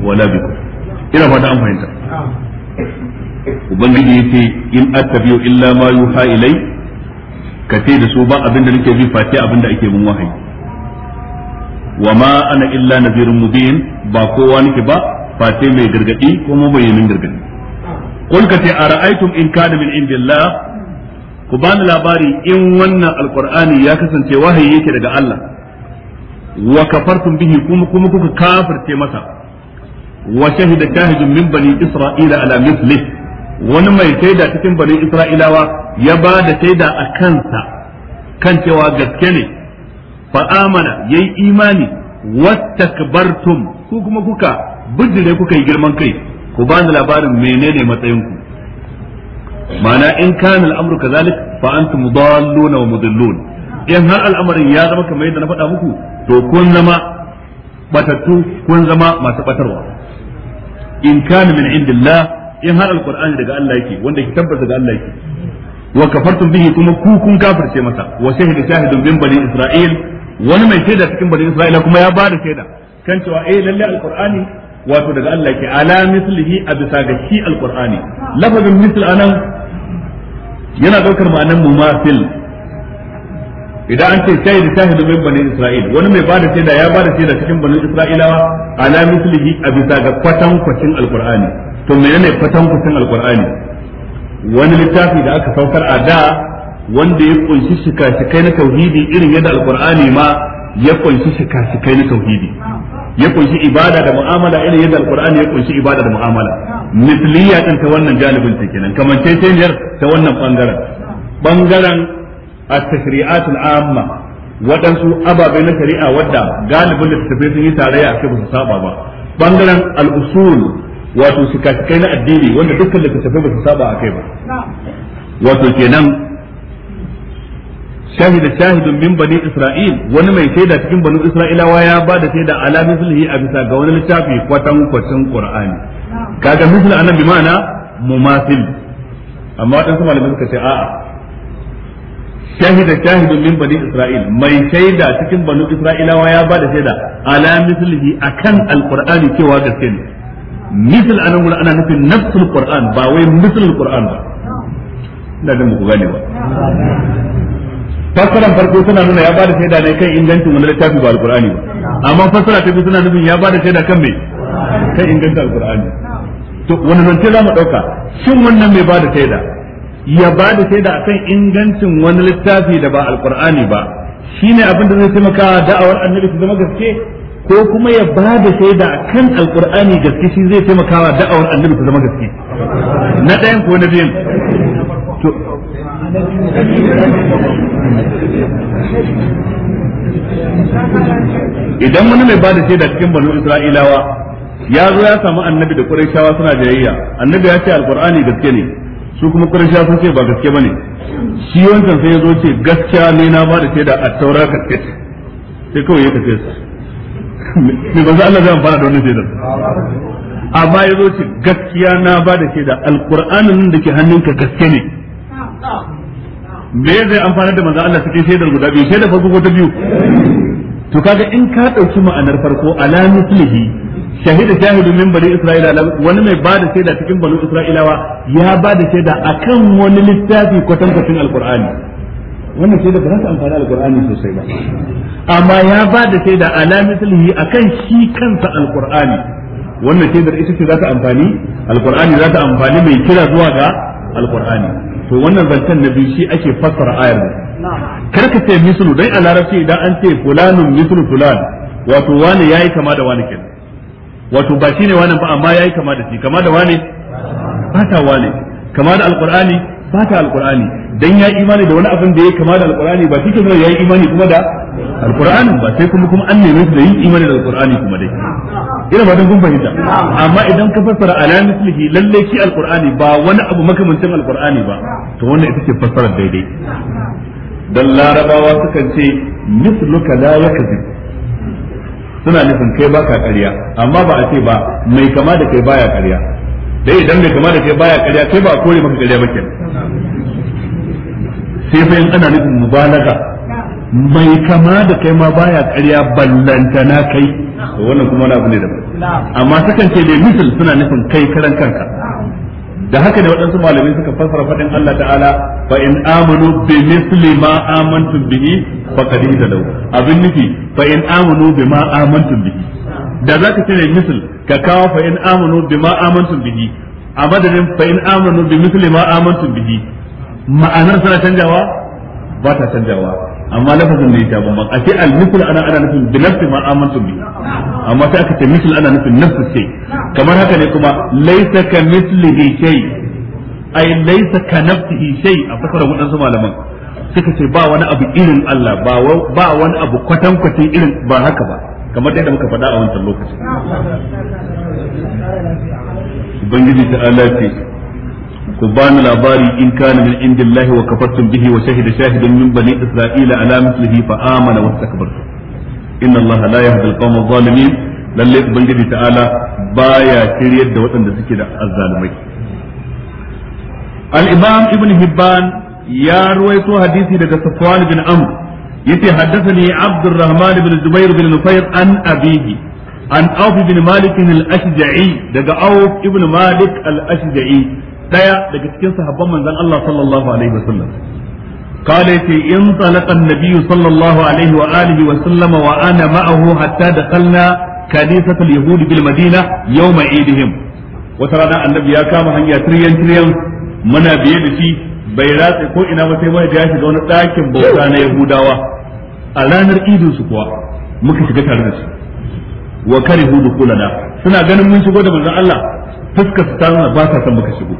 wala bikum ina fata an fahimta ubangiji ce in attabi'u illa ma yuha ilai ka ce da su ba abin da nake bi face abin da ake mun wahayi wa ma ana illa nadhirun mubin ba kowa nake ba face mai gargadi ko mu yin gargadi kun ka ce ara'aytum in kana min indillah ku bani labari in wannan alqur'ani ya kasance wahayi yake daga Allah wa kafartum bihi kuma kuma kuka kafirce masa wa shahida shahidun min bani isra'ila ala mithlihi wani mai shaida cikin bani isra'ilawa ya ba da shaida a kansa kan cewa gaske ne fa amana yayi imani wattakbartum ku kuma kuka bijire kuka yi girman kai ku ba ni labarin menene matsayin ku ma'ana in kana al'amru kazalik fa antum mudalluna wa mudallun in har al'amarin ya zama kamar yadda na faɗa muku to kun zama batattu kun zama masu batarwa in kana min indillah in har alqur'ani daga Allah yake wanda ke tabbata daga Allah yake wa kafartum bihi kuma ku kun kafirce masa wa shahidu shahidun min bani isra'il wani mai shaida cikin bani isra'ila kuma ya bada shaida kan cewa eh lalle alqur'ani wato daga Allah yake ala mislihi a bisa ga shi alqur'ani lafazin misl anan yana daukar ma'anar mumasil idan an ce shahidu shahidu min bani isra'il wani mai bada shaida ya bada shaida cikin bani isra'ilawa ala mislihi a bisa ga kwatan kwacin alqur'ani to menene fatan kusan alkur'ani wani littafi da aka saukar a da wanda ya kunshi shika-shikai na tauhidi irin yadda alqur'ani ma ya kunshi shika-shikai na tauhidi ya kunshi ibada da mu'amala irin yadda alqur'ani ya kunshi ibada da mu'amala misliya din ta wannan galibin ta kenan kamar ta wannan bangaren bangaren at amma waɗansu ababai na shari'a wadda galibin da tafi sun yi tarayya a kai ba su saba ba bangaren al-usul wato kai na addini wanda dukkan littattafai ba su saba a kai ba wato kenan shahida shahidun min bani isra'il wani mai shaida cikin bani isra'ilawa ya ba da shaida ala mislihi a bisa ga wani littafi kwatan kwatan qur'ani kaga misli anan bi ma'ana mumasil amma wadansu malamai suka ce a'a shahida shahidun min bani isra'il mai shaida cikin bani isra'ilawa ya ba da shaida ala mislihi akan alqur'ani cewa gaske ne misal anan gurin ana nufin nafsul qur'an ba wai misal qur'an ba ina da muku gane ba fassara farko tana nuna ya bada shaida ne kan ingancin wani littafi ba alqur'ani ba amma fassara ta biyu tana nufin ya bada shaida kan me kan ingancin alqur'ani to wani zance za mu dauka shin wannan mai bada shaida ya bada shaida akan ingancin wani littafi da ba alqur'ani ba shine abin da zai taimaka da'awar annabi ta zama gaske ko kuma ya ba da shaida kan alkur'ani gaske shi zai taimakawa da'awar annabi ta zama gaske na ɗayan ko na biyan to idan wani mai ba da shaida cikin banu isra'ilawa ya zo ya samu annabi da ƙurashawa suna jayayya annabi ya ce alkur'ani gaske ne su kuma ƙurashawa sun ce ba gaske ne shi wancan sai ya zo ce gaskiya ne na ba da shaida a taurar gaske sai kawai ya tafi sa me za Allah zai amfana da wannan shaidar amma ya zo ce gaskiya na ba da shaida alqur'anin da ke hannunka gaske ne me zai amfana da manzo Allah cikin shaidar guda biyu shaidar farko ko ta biyu to kaga in ka dauki ma'anar farko ala mislihi shahida shahidu min bani isra'ila wani mai ba da shaida cikin bani isra'ilawa ya ba da shaida akan wani littafi kwatankwacin alkur'ani wannan sai da ba za ta amfani alkur'ani sosai ba amma ya ba da sai da ala mislihi akan shi kansa alkur'ani wannan sai da ita ce za ta amfani alkur'ani za ta amfani mai kira zuwa ga alkur'ani to wannan zancen na biyu shi ake fassara ayar kar Karka ce mislu dai a larabci idan an ce fulanun mislu fulan wato wani yayi kama da wani kenan wato ba shine wani ba amma yayi kama da shi kama da wani ba ta wani kama da alkur'ani fata alqur'ani dan ya imani da wani abin da ya kama da alqur'ani ba shi kuma ya yi imani kuma da alqur'ani ba sai kuma kuma an nemi su da yin imani da alqur'ani kuma dai ina ba dan kun fahimta amma idan ka fassara ala mislihi lalle shi alqur'ani ba wani abu makamancin alqur'ani ba to wannan ita ce fassarar daidai dan larabawa sukan ce misluka la yakzib suna nufin kai baka ƙarya amma ba a ce ba mai kama da kai baya ƙarya dai idan mai kama da kai baya karya kai ba a kore maka karya ba kenan sai fa in ana nufin mubalaga mai kama da kai ma baya karya ballantana kai wannan kuma wani abu ne daban amma sukan ce dai misal suna nufin kai karan kanka da haka ne waɗansu malamai suka fassara faɗin Allah ta'ala fa in amanu bi misli ma amantum bihi faqad ihtadaw abin nufi fa in amanu ma amantum bihi da za ka cire misl ka kawo fa in amanu ma amantum bihi a madadin fa in amanu bi misli ma amantum bihi ma'anar tana canjawa ba ta canjawa amma lafazin da ya ban a ce al misl ana ana nufin bi nafsi ma amantum bihi amma sai aka ce misl ana nufin nafsi ce kamar haka ne kuma laysa ka mislihi shay ay laysa ka nafsihi shay a fasarar wadansu malaman suka ce ba wani abu irin Allah ba wani abu kwatankwacin irin ba haka ba kamar da muka faɗa a wancan lokacin ubangiji ta alafi ku bani labari in kana min indillahi wa kafartum bihi wa shahida shahidun min bani isra'ila ala mithlihi fa amana wastakbartum inna allaha la yahdi al-qawma adh-dhalimin lalle ubangiji ta'ala baya shiryar da waɗanda suke da azzalumai al-imam ibn hibban ya ruwaito hadisi daga safwan bin amr yace ni Abdurrahman bin Zubair bin Nufayr an abihi an Auf bin Malik al-Ashja'i daga au ibn Malik al-Ashja'i daya daga cikin sahabban manzon Allah sallallahu alaihi wasallam قال يتي انطلق النبي صلى الله عليه وآله وسلم وأنا معه حتى دخلنا كنيسة اليهود بالمدينة يوم عيدهم وترانا النبي يا كام هنيا تريان تريان منا بيدشي bai ratse ko ina ba sai ya shiga wani ɗakin bauta na Yahudawa a ranar idin su kuwa muka shiga tare da su wa karihu dukulana suna ganin mun shigo da manzon Allah fuskar su ta ba sa son muka shigo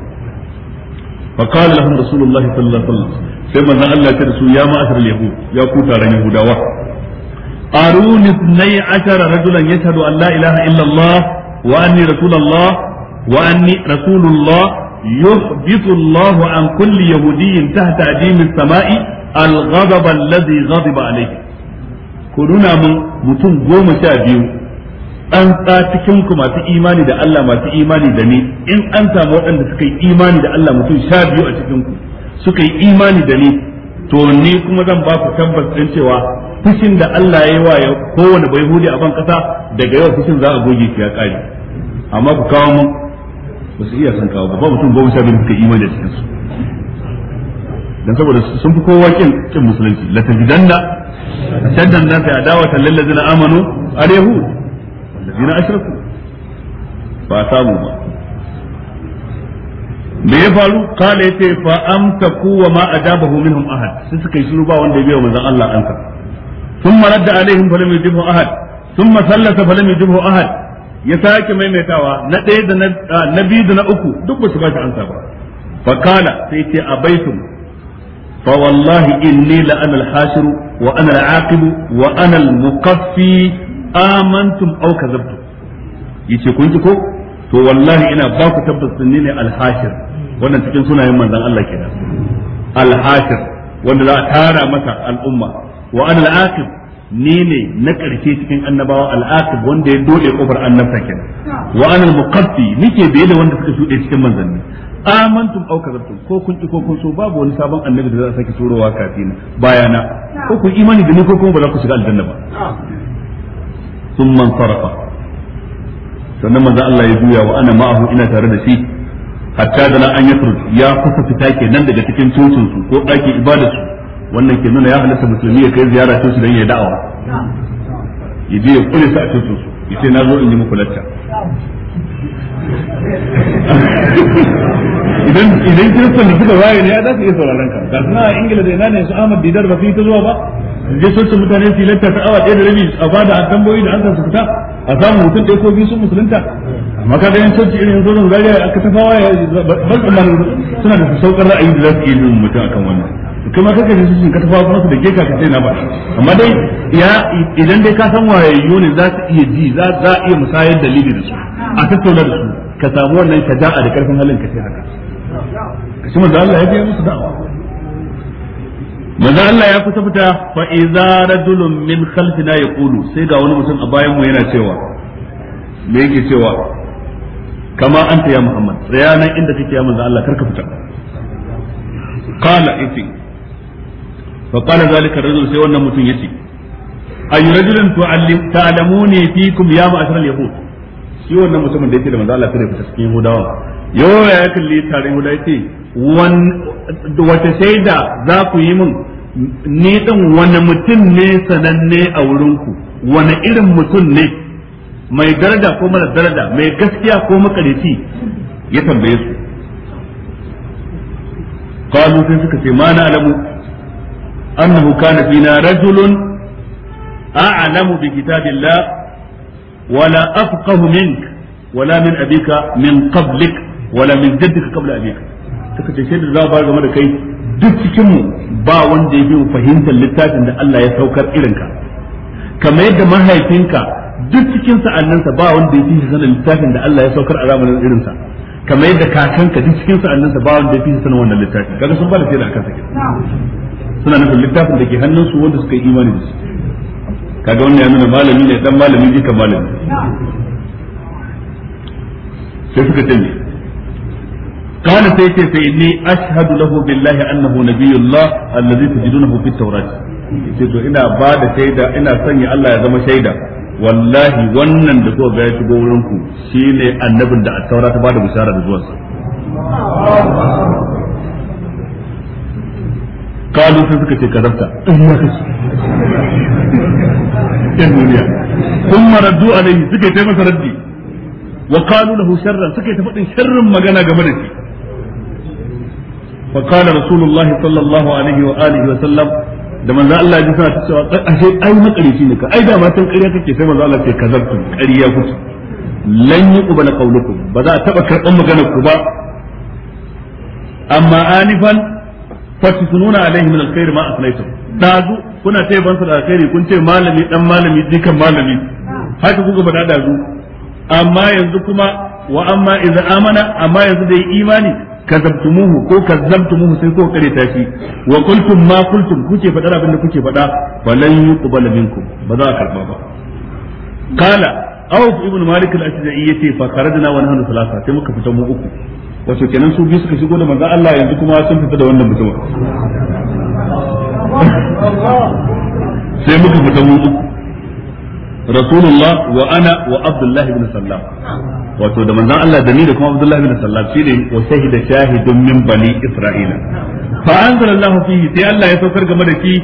fa qala lahum rasulullahi sallallahu alaihi wasallam sai manzon Allah ya ce da su ya ma'asar yahud ya ku taron yahudawa aruni ithnai ashara rajulan yashhadu an la ilaha illa Allah wa anni rasulullah wa anni rasulullah يحبط الله عن كل يهودي تحت أديم السماء الغضب الذي غضب عليه ku nuna mun mutum goma sha biyu an tsa cikin ku masu imani da Allah masu imani da ni in an samu waɗanda suka yi imani da Allah mutum sha biyu a cikin ku suka yi imani da ni to ni kuma zan ba ku tabbas din cewa fushin da Allah ya yi wa kowane bai hudi a ban kasa daga yau fushin za a goge shi ya kare amma ku kawo mun ba su iya san kawo ba mutum goma sha biyu suka imani da cikin su dan saboda sun fi kowa kin kin musulunci la tajidanna shaddan da ta adawatan lil ladina amanu alayhu ladina ashraku ba samu ba me ya faru kala yace fa amtaku kuwa ma adabahu minhum ahad sai suka yi shiru ba wanda ya biya manzon Allah anka ثم رد عليهم فلم يجبه أحد ثم ثلث فلم يجبه ahad. ya sake maimaitawa na ɗaya da na biyu da na uku duk ba su ba shi ansa ba Kala sai ce a baitum fa wallahi inni la ana al-hashiru wa ana aqibu wa ana al-muqaffi amantum aw kadhabtum yace kun ji to wallahi ina baku ku tabbas ni ne al-hashir wannan cikin sunayen manzon Allah kenan al-hashir wanda za tara masa al'umma wa ana ni ne na ƙarshe cikin annabawa wanda ya dole kofar annabta kenan wa nike biye da wanda suka shuɗe cikin manzanni amantum aw kazabtum ko kun ki ko kun so babu wani sabon annabi da za a sake turowa kafina bayana ko kun imani da ni ko kuma ba za ku shiga aljanna ba thumma sarafa sannan manzo Allah ya juya wa ana ma'ahu ina tare da shi hatta da na an yakhruj ya kusa fita nan daga cikin cocin su ko ɗakin ibadar su wannan ke nuna ya halatta musulmi ya kai ziyara su dan ya da'awa ya je ya kula su a cocin su ce na zo in yi muku lacca idan idan kiristan da suka waye ne za su iya sauraron ka ga suna a ingila da ina ne su ahmad didar ba su yi ta zuwa ba je sun su mutane su lantar ta awa ɗaya da rabi a bada a tambayoyi da an su fita a samu mutum ɗaya ko biyu sun musulunta amma ka ga yan sauci irin yanzu zan zariya a katafawa ya ba suna da su saukar ra'ayi da za su iya yin mutum akan wannan kuma kaka ji sun ka kuma su da geka ka sai na ba amma dai ya idan dai ka san wayayyo ne za su iya ji za za iya musayar dalili da su a tattauna da su ka samu wannan ka ja'a da karfin halin ka sai haka shi manzo Allah ya ga musu da'awa manzo Allah ya fita fita fa idza rajulun min khalfina yaqulu sai ga wani mutum a bayan mu yana cewa me yake cewa kama anta ya Muhammad tsaya nan inda kake ya manzo Allah karka fita qala iti fa qala zalika rajul sai wannan mutum yace ay rajulun ta'lamuni fikum ya ma'asar al-yahud shi wannan mutumin da yake da manzo Allah sai ya fita cikin hudawa. yo ya kalli tarin Yahudawa Wani wata shaida za ku yi min ni din wani mutum ne sananne a wurinku wani irin mutum ne mai daraja ko mara daraja mai gaskiya ko makarici ya tambaye su qalu sai suka ce ma na alamu annahu kana fina rajulun a'lamu bi kitabillah wala afqahu mink wala min abika min qablik wala min jaddika qabla abika kai duk cikin mu ba wanda ya bi fahimtar littafin da Allah ya saukar irinka kamar yadda mahaifinka duk cikin sa'annansa ba wanda ya fi sanin littafin da Allah ya saukar a zamanin irinsa kamar yadda kakanka duk cikin sa'annansa ba wanda ya fi sanin littafin kaga sun ba da sa suna nufin littafin da ke hannunsu wanda suka yi imani da shi kaga wannan ya nuna malami ne dan malami jika malami sai suka ce ne قال سيتي فإني أشهد له بالله أنه نبي الله الذي تجدونه في التوراة to ina ba da shaida ina sanya Allah ya zama shaida wallahi wannan da kuka ga ya shigo wurin ku shine annabin da at-taura ta bada bishara da zuwansa kalu sai suka ce kazabta in ya kace yan duniya kuma raddu alaihi suka yi masa raddi wa qalu lahu sharran suka yi faɗin sharrin magana game da shi fa qala rasulullahi sallallahu alaihi wa alihi wa sallam da manzo Allah ya sa cewa ashe ai makarici ne ka ai da ma tan ƙarya kake sai manzo Allah ce kazabtu ƙarya kuce lan yuqbala qawlukum ba za a taba karɓar maganar ku ba amma anifan fatisununa alaihi min alkhair ma asnaytum dazu kuna ce bansa da alkhairi kun ce malami dan malami dukan malami haka kuka fada dazu amma yanzu kuma wa amma idza amana amma yanzu yi imani kazabtumuhu ko kazzabtumuhu sai ko kare ta shi wa kuntum ma kuntum kuke fada abin da kuke faɗa falan yuqbal minkum ba za a karba ba qala awf ibn malik al-ashja'i yace fa kharajna wa nahnu thalatha sai muka fita mu uku wato kenan su biyu suka shigo da manzon Allah yanzu kuma sun fita da wannan mutum sai muka fita mu rasulullah wa ana wa abdullahi ibn sallam wato da manzon Allah da ni da kuma abdullahi ibn sallam shine wa shahida shahidun min bani isra'ila fa anzalallahu fihi sai Allah ya saukar game da shi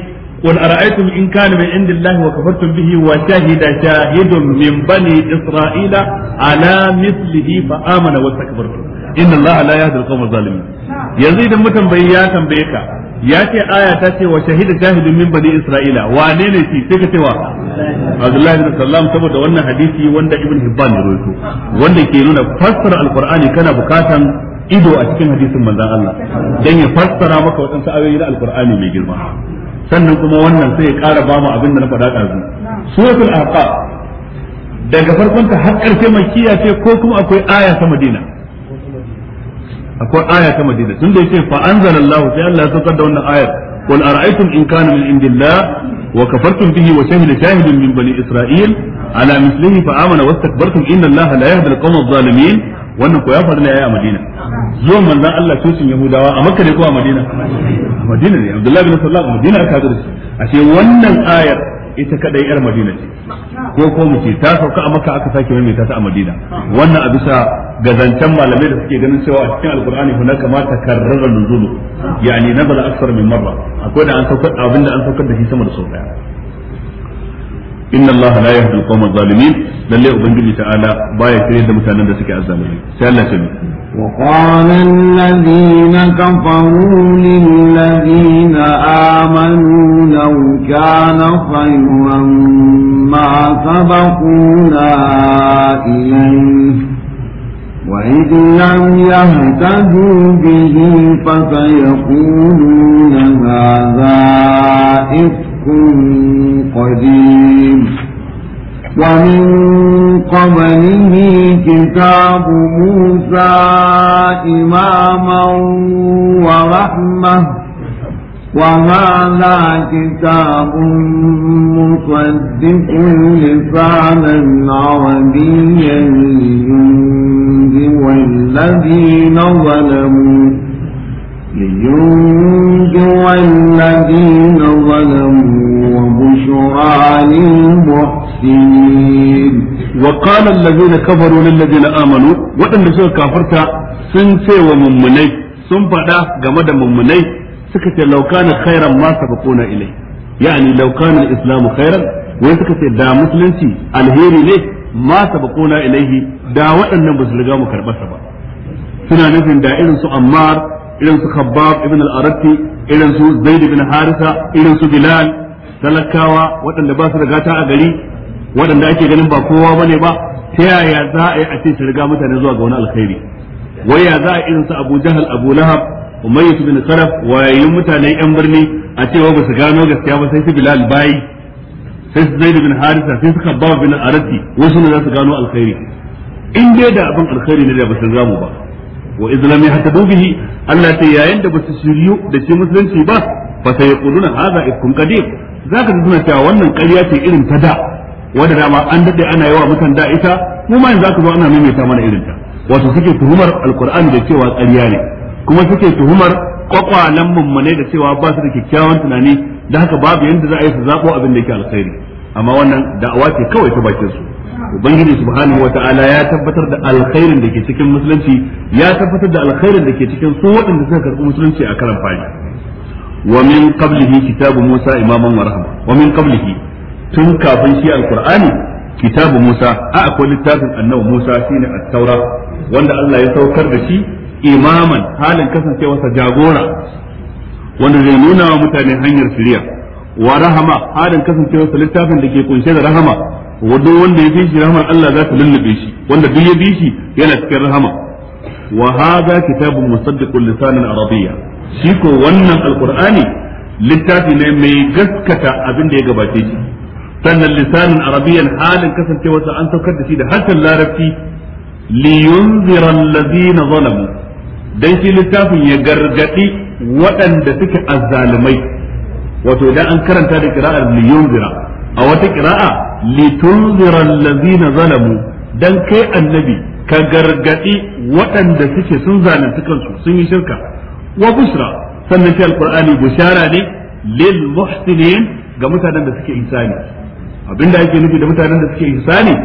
قل أرأيتم إن كان من عند الله وكفرتم به وشهد شاهد من بني إسرائيل على مثله فآمن واستكبرتم inna allaha la yahdi al-qawma zalimin yanzu idan mutum bai ya tambaye ka ya ce aya ta ce wa shahida shahidun min bani isra'ila wane ne shi sai ka cewa abdullahi bin sallam saboda wannan hadisi wanda ibn hibban ya rawaito wanda ke nuna fassara alqur'ani kana bukatan ido a cikin hadisin manzon Allah dan ya fassara maka wadansu ayoyi na alqur'ani mai girma sannan kuma wannan sai ya ƙara ba mu abin da na faɗa ɗazu suratul ahqaf daga farkon ta har ƙarshe mai kiyace ko kuma akwai aya ta madina akwai aya ta madina tunda yake fa anzalallahu sai Allah ya saukar da wannan ayar qul ara'aytum in kana min indillah wa kafartum bihi wa shahida shahidun min bani isra'il ala mislihi fa amana wastakbartum inna Allah la yahdi al-qawma adh-dhalimin wannan ko ya faru ne a Madina zuwa manzon Allah tushin Yahudawa a Makka ne ko a Madina Madina ne Abdullahi bin Sallam Madina aka gare shi ashe wannan ayar ita kadai yar Madina ce ko ko mu ce ta sauka a makka aka sake mai ta a madina wannan a bisa ga zancen malamai da suke ganin cewa a cikin alqur'ani hunaka kamata karrara nuzulu yani nazala akthar min marra akwai da an saukar abinda an saukar da shi sama da sau daya inna allaha la yahdi al-qawma adh-dhalimin lalle ubangiji ta'ala baya kire da mutanen da suke azzalimi sai Allah ta bi وقال الذين كفروا للذين آمنوا لو كان خيرا ما سبقونا إليه وإذ لم يهتدوا به فسيقولون هذا إفك قديم ومن قبله كتاب موسى إماما ورحمة وهذا كتاب مصدق لسانا عربيا لينذر الذين ظلموا لينجو الذين ظلموا وبشرى للمحسنين وقال الذين كفروا للذين آمنوا وأن سوى كافرتا سنسي وممني سنفدا جمد ممني سكت لو كان خيرا ما سبقونا إليه يعني لو كان الإسلام خيرا وسكت دا مسلمتي الهيري ليه ما سبقونا إليه دا وأن بسلقام كربسة سنة نفن دا إذن سؤمار irin su khabbab ibn al-aratti irin su zaid ibn harisa irin su bilal talakawa waɗanda ba su da gata a gari waɗanda ake ganin ba kowa bane ba ta yaya za a yi a ce su riga mutane zuwa ga wani alkhairi waya za a irin su abu jahal abu lahab umayyah ibn khalaf wayayin mutane yan birni a cewa ba su gano gaskiya ba sai su bilal bai sai su zaid ibn harisa sai su khabbab ibn al wasu ne za su gano alkhairi in dai da abin alkhairi ne da ba su zamu ba wa izlam yahtadu bihi Allah ta yayin da basu shiryu da shi musulunci ba fa sayquluna hadha ikun qadim zaka ji suna cewa wannan ƙarya ce irin ta da wanda dama an dade ana yawa mutan da ita mu ma yanzu zo ana maimaita mana irin ta wato suke tuhumar alqur'ani da cewa ƙarya ne kuma suke tuhumar kwakwalan mummune da cewa ba su da kyakkyawan tunani da haka babu yadda za a yi su zaɓo abin da yake alkhairi amma wannan da'awa ce kawai ta bakin su ubangiji subhanahu wataala ya tabbatar da alkhairin da ke cikin musulunci ya tabbatar da alkhairin da ke cikin su waɗanda suka karɓi musulunci a karan fari wa min qablihi kitabu musa imaman wa rahma wa min qablihi tun kafin shi alqur'ani kitabu musa a akwai littafin annabi musa shine at-taura wanda Allah ya saukar da shi imaman halin kasancewarsa jagora wanda zai nuna wa mutane hanyar shari'a wa rahama halin kasancewarsa littafin da ke kunshe da rahama wanda wanda ya bishi rahmar Allah za ta lullube shi wanda duk ya bi shi yana cikin rahama wa hadha kitabun musaddiqun lisanan arabiyya shi ko wannan alqur'ani littafi ne mai gaskata abin da ya gabace shi sannan lisanin arabiyyan halin sa an saukar da shi da harshen larabci liyunzira allazina zalamu dan shi littafin ya gargadi waɗanda suke azzalumai wato idan an karanta da kira'ar liyunzira a wata qira'a litunzira allazina zalamu dan kai annabi ka gargadi waɗanda suke sun zalunci kansu sun yi shirka wa busra sannan sai alqur'ani bushara ne lil muhsinin ga mutanen da suke ihsani abinda ake nufi da mutanen da suke ihsani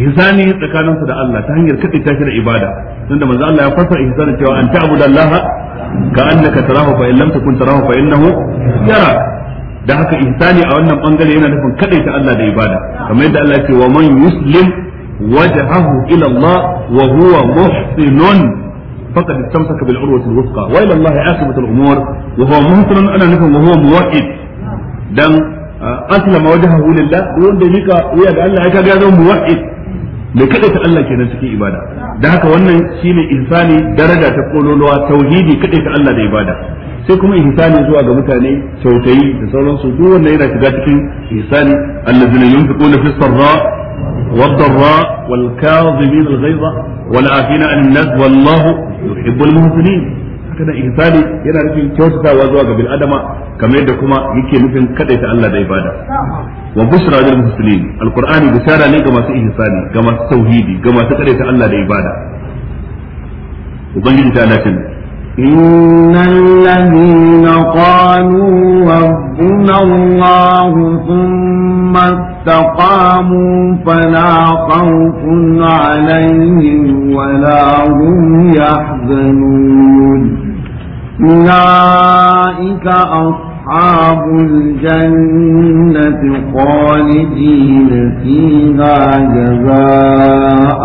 ihsani tsakaninsu da Allah ta hanyar ta shi da ibada don da manzo Allah ya fasa ihsani cewa an ta'budu Allah ka annaka tarahu fa in lam takun tarahu fa innahu yara Da haka ihsani a wannan bangare yana nufin kadai ta Allah da ibada kamar yadda Allah ya wa man yuslim wajhahu ila Allah wa huwa muhsinun faqad istamsaka bil urwati al wuthqa wa ila Allah aqibatu al umur wa huwa muhsinun ana nufin wa huwa muwahhid dan uh, aslama wajhahu lillah wanda mika wuya da Allah ya kaga ya zama muwahhid mai kada ta Allah kenan cikin ibada dan haka wannan shine ihsani daraja ta kololuwa tauhidi kada ta Allah da ibada sai kuma ihsani zuwa ga mutane kyautayi da sauransu duk wannan yana shiga cikin ihsani allazina yunfiquna fi sarra والضراء والكاظمين الغيظ والعافين عن الناس والله يحب المحسنين haka nan ihsani yana nufin kyautatawa zuwa ga bil'adama kamar yadda kuma yake nufin kadaita Allah da ibada wa bushra lil muslimin alqur'ani bishara ne ga masu ihsani ga masu tauhidi ga masu kadaita Allah da ibada ubangiji ta Allah إن الذين قالوا ربنا الله ثم استقاموا فلا خوف عليهم ولا هم يحزنون أولئك أصحاب أصحاب الجنة خالدين فيها جزاء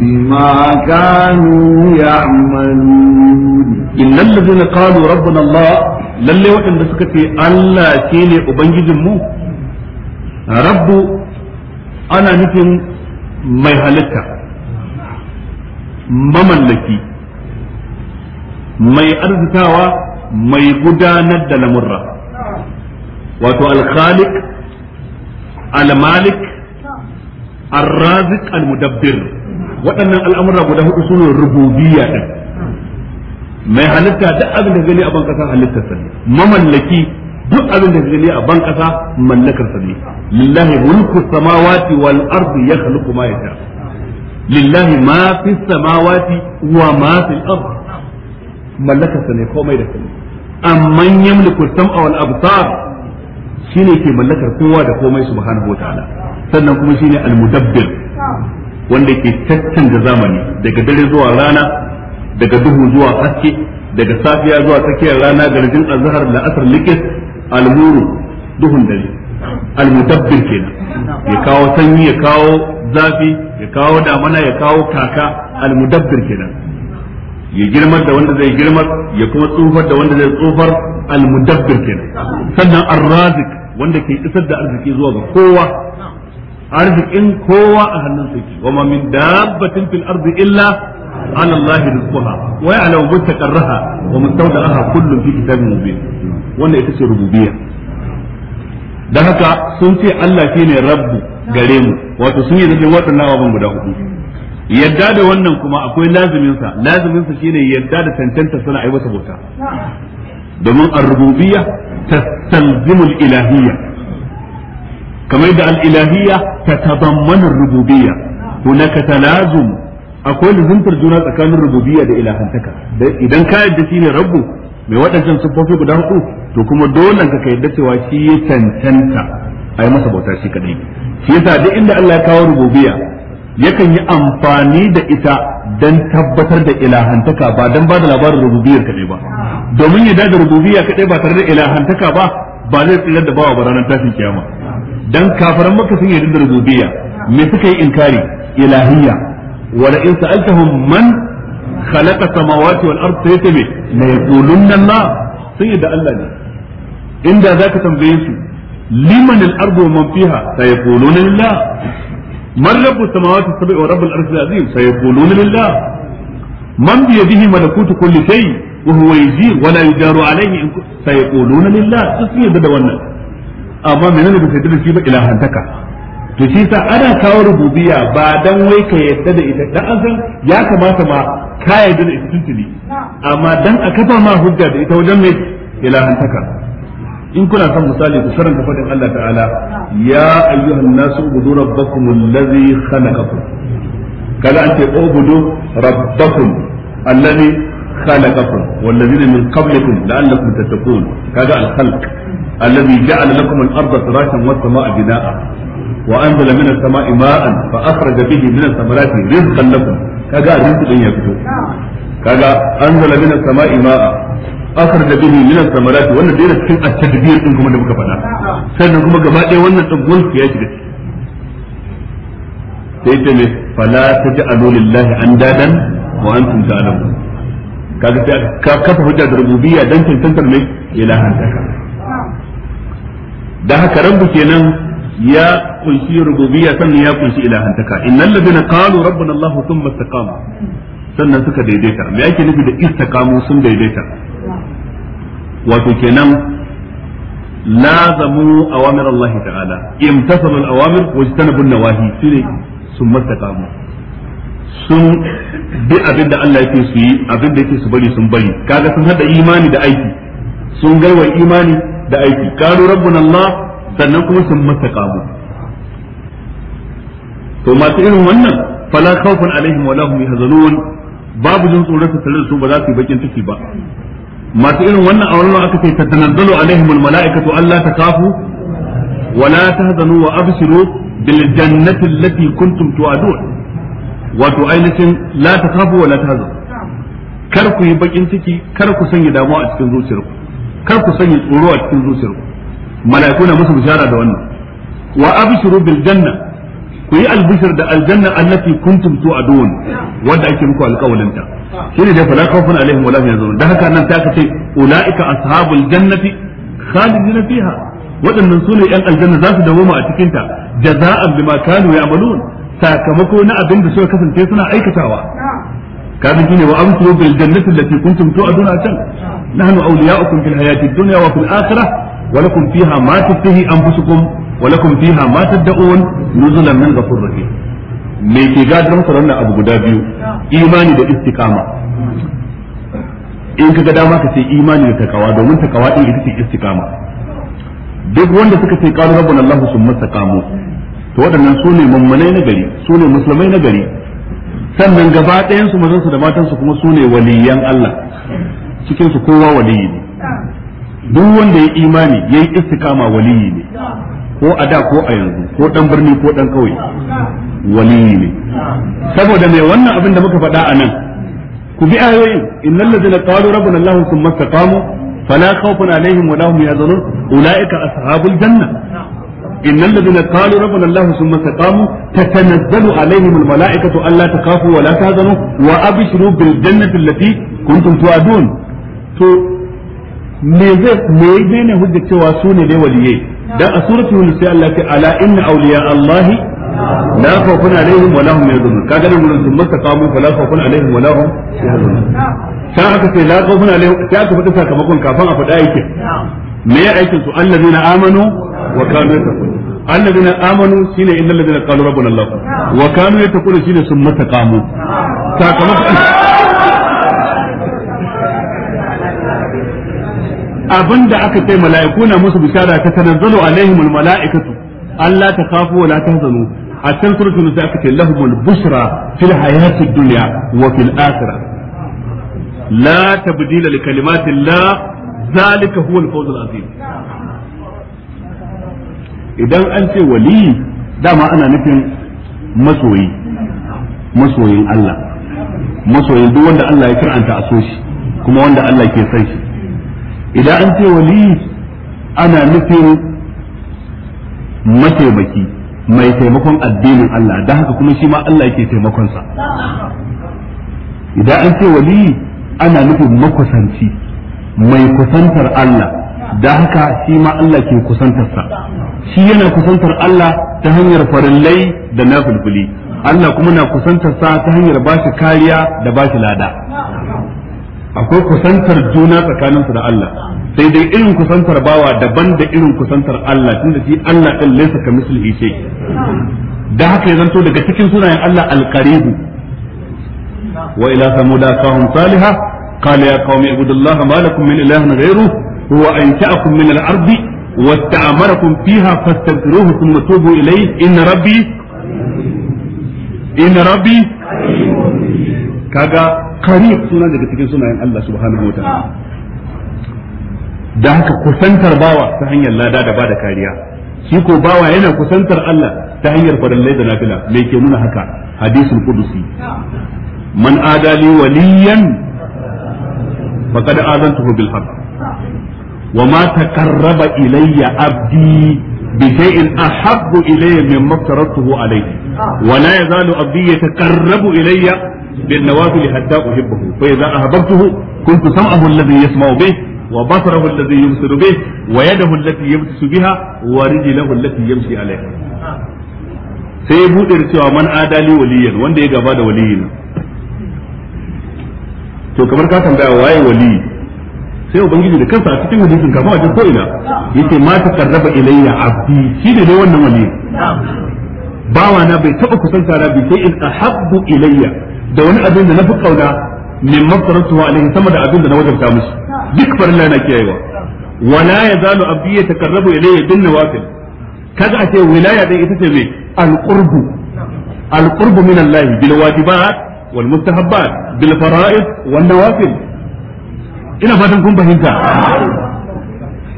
بما كانوا يعملون إن الذين قالوا ربنا الله lalle waɗanda suka ce Allah ke ne ubangijin mu? rabbu ana nufin mai halitta mamallaki mai arzikawa mai gudanar da lamurra wato al-khaliq al-malik al waɗannan al'amura guda hudu sune rububiyya din mai halitta duk abin da gani a ban kasa halittar sa mamallaki duk abin da gani a ban kasa mallakar sa ne lillahi mulku samawati wal ardi yakhluqu ma yasha lillahi ma fi samawati wa ma fil ard mallakar sa ne komai da komai amman yamliku sam'a wal absar shine ke mallakar kowa da komai subhanahu wataala sannan kuma shine al-mudabbir wanda ke da zamani daga dare zuwa rana daga duhu zuwa haske daga safiya zuwa tsakiyar rana garjin azhar la asr likis al-muru duhun dare al-mudabbir kenan ya kawo sanyi ya kawo zafi ya kawo damana ya kawo kaka al-mudabbir kenan ya girmar da wanda zai girmar ya kuma tsufar da wanda zai tsufar al-mudabbir kenan sannan ar-razik wanda ke isar da arziki zuwa ga kowa arzikin kowa a hannun sa wa ma min dabbatin fil ardi illa ala Allah rizquha wa ya'lamu mustaqarraha wa mustawda'aha kullun fi kitabin mubin wannan ita ce rububiyya dan haka sun ce Allah shine rabbu gare mu wato sun yi da waɗannan abubuwan guda hudu yadda da wannan kuma akwai laziminsa laziminsa shine yadda da tantanta suna wata bauta domin ar-rububiyya tastalzimul ilahiyya kamar da al-ilahiyya tatadammanu ar-rububiyya hunaka talazum akwai lazimtar juna tsakanin rububiyya da ilahantaka idan ka yadda shine rabbu mai waɗancan siffofi guda hudu to kuma dole ka yadda cewa shi ya tantanta a yi masa bauta shi kadai shi yasa duk inda Allah ya kawo rububiyya yakan yi amfani da ita dan tabbatar da ilahantaka ba dan ba da labarin rububiyar kaɗai ba domin ya da rububiyya kaɗai ba tare da ilahantaka ba ba zai tsirar da bawa ba ranar tashin kiyama dan kafaran maka sun yarda da rububiyya me suka yi inkari ilahiyya wala in sa'altahum man khalaqa samawati wal ard sai tabe la yaqulunna Allah sun yarda Allah ne inda zaka tambaye su liman al ardu wa man fiha sayaquluna lillah man rabbus samawati sab'i wa rabbul arshil azim sayaquluna lillah man bi yadihi malakutu kulli shay wa huwa yajir wa la yujaru alayhi sayaquluna lillah su sun da wannan amma menene ba sai da shi ba ilahantaka to shi sa ana kawo rububiyya ba dan wai ka yadda da ita dan an san ya kamata amma dan a kafa ma hujja da ita wajen mai ilahantaka in kuna son misali ku karanta fadin Allah ta'ala ya ayyuhan nasu ubudu rabbakum allazi khalaqakum kaga an ce ubudu rabbakum allazi khalaqakum wallazina min qablikum la'allakum tattaqun kaga al-khalq allazi ja'ala lakum al-ardha firashan was-samaa'a binaa'a wa anzala min as-samaa'i maa'an fa akhraja bihi min ath-thamarati rizqan lakum kaga rizqin ya fito kaga anzala min as-samaa'i maa'an da bihi min al-thamarat wannan dai cikin at-tadbir din kuma da muka faɗa sannan kuma gaba ɗaya wannan tsagon ya shiga ciki sai ta me fala taj'alu lillahi andadan wa antum ta'lamun kaga sai ka kafa hujja da rububiyya dan tantantar mai ilahan taka da haka rabbu kenan ya kunshi rububiyya sannan ya kunshi ilahantaka innal ladina qalu rabbana allah thumma istaqamu sannan suka daidaita me ake nufi da istaqamu sun daidaita wato kenan lazamu awamir Allah ta'ala imtasalu al-awamir tana an-nawahi shine sun mastaqamu sun bi abin da Allah yake su yi abin da yake su bari sun bari kaga sun hada imani da aiki sun gaiwa imani da aiki qalu rabbuna Allah sannan kuma sun mastaqamu to masu irin wannan fala khawfun alaihim wala hum yahzanun babu jin tsoron su tare da su ba za su yi bakin ciki ba masu irin wannan a wannan aka ce tatanazzalu alaihim almalaikatu alla takafu wa wala tahzanu wa abshiru bil jannati allati kuntum tu'adun wato ainihin la takafu wa la tahzanu kar ku yi bakin ciki kar ku sanya damuwa a cikin zuciyarku kar ku sanya tsoro a cikin zuciyarku mala'iku na musu bishara da wannan wa abshiru bil janna ku yi albishir da aljanna annati kuntum tu'adun wanda ake muku alƙawalin ta shine dai fala khawfun alaihim wala hum yahzanun dan haka nan ta kace ulaika ashabul jannati khalidina fiha waɗannan su 'yan aljanna za su dawoma a cikinta jaza'an bima kanu ya'malun sakamako na abin da suka kasance suna aikatawa kafin shine wa amsu bil jannati allati kuntum tu'adun atan nahnu awliya'ukum fil hayati dunya wa fil akhirah wa lakum fiha ma tashtahi anfusukum wa lakum fiha ma tad'un nuzulan min ghafurur rahim me ke gadar masa wannan abu guda biyu imani da istiqama in kaga dama ka ce imani da takawa domin takawa din ita ce istiqama duk wanda suka ce qalu rabbana allah summa istaqamu to waɗannan su ne mummunai na gari su ne musulmai na gari sannan gaba ɗayan su mazan su da matan su kuma su ne waliyan Allah cikin su kowa waliyi ne duk wanda ya imani yayi istiqama waliyi ne ko a da ko a yanzu ko dan birni ko dan kauye waliyi ne saboda mai wannan abin da muka faɗa a nan ku bi ayoyin innal ladzina qalu rabbana allah thumma istaqamu fala khawfun alaihim wa lahum ulaika ashabul janna innal qalu rabbana allah thumma istaqamu tatanazzalu alaihim al malaikatu alla takhafu wa la tahzanu wa abshiru bil jannati allati kuntum tu'adun to me zai ne hujja cewa su ne dai waliyai dan a suratul nisa Allah ta ala inna awliya Allah la khawfun alaihim wa lahum yahzanun kaga nan gurin sun masa kamu fa la khawfun alaihim wa lahum yahzanun sai aka ce la khawfun alaihim sai aka fada sakamakon kafin a fada yake me ya aikin su allazina amanu wa kanu yattaqun allazina amanu shine innal ladina qalu rabbuna Allah wa kanu yattaqun shine sun masa kamu sakamakon da aka ce mala'iku na musu bishara ta tanazzalu alaihimul mala'ikatu Allah ta kafu wa la zanu. a can suratul nisa aka ce lahumul bushra fil hayatid dunya wa fil akhirah la tabdila li kalimatillah zalika huwa al-fawz al-azim idan an ce wali dama ana nufin masoyi masoyin Allah masoyin duk wanda Allah ya kar'anta a so shi kuma wanda Allah ke san shi Ida an ce wali ana nufin mataimaki mai taimakon addinin Allah don haka kuma shi ma Allah yake taimakonsa idan an ce wali ana nufin makusanci mai kusantar Allah da haka shi ma Allah ke kusantarsa shi yana kusantar Allah ta hanyar farillai da nafilfili Allah kuma na kusantarsa ta hanyar bashi kariya da bashi lada akwai kusantar juna tsakaninsu da Allah sai dai irin kusantar bawa daban da irin kusantar Allah tunda shi Allah din laysa ka mislihi shay da haka ya zanto daga cikin sunayen Allah al wa ila samuda qawm Saliha qala ya qaumi ibudullaha ma lakum min ilahin ghayruhu huwa ansha'akum min al-ard واستعمركم فيها فاستغفروه ثم توبوا إليه إن ربي إن ربي كذا qarib suna daga cikin sunayen Allah subhanahu wataala da haka kusantar bawa ta hanyar lada da bada kariya shi ko bawa yana kusantar Allah ta hanyar farallai da nafila me ke nuna haka hadisul qudusi man adali waliyan faqad azantuhu bil haqq وما تقرب إلي عبدي بشيء أحب إلي مما افترضته عليه ولا يزال عبدي يتقرب إلي bin nawafil hatta uhibbuhu fa idza ahabbtuhu kuntu sam'ahu alladhi yasma'u bih wa basarahu alladhi yubsiru bih wa yadahu allati yabtisu biha wa rijluhu allati yamshi alayha sai ya bude da cewa man adali waliyan wanda ya gaba da waliyin to kamar ka tambaya waye wali sai ubangiji da kansa a cikin hadisin kama wajen ko ina yace ma taqarraba ilayya abdi shi ne dai wannan waliyin na bai taba kusanta na bi sai in ahabbu ilayya da wani abin da na fi kauna min mafsaratu alaihi sama da abin da na wajabta musu duk farilla na kiyayewa wala yazalu abdi yatakarrabu ilayya bin nawafil kaga a ce wilaya dai ita ce mai alqurbu alqurbu min allahi bil wajibat wal mustahabbat bil fara'id wan nawafil ina fatan kun fahimta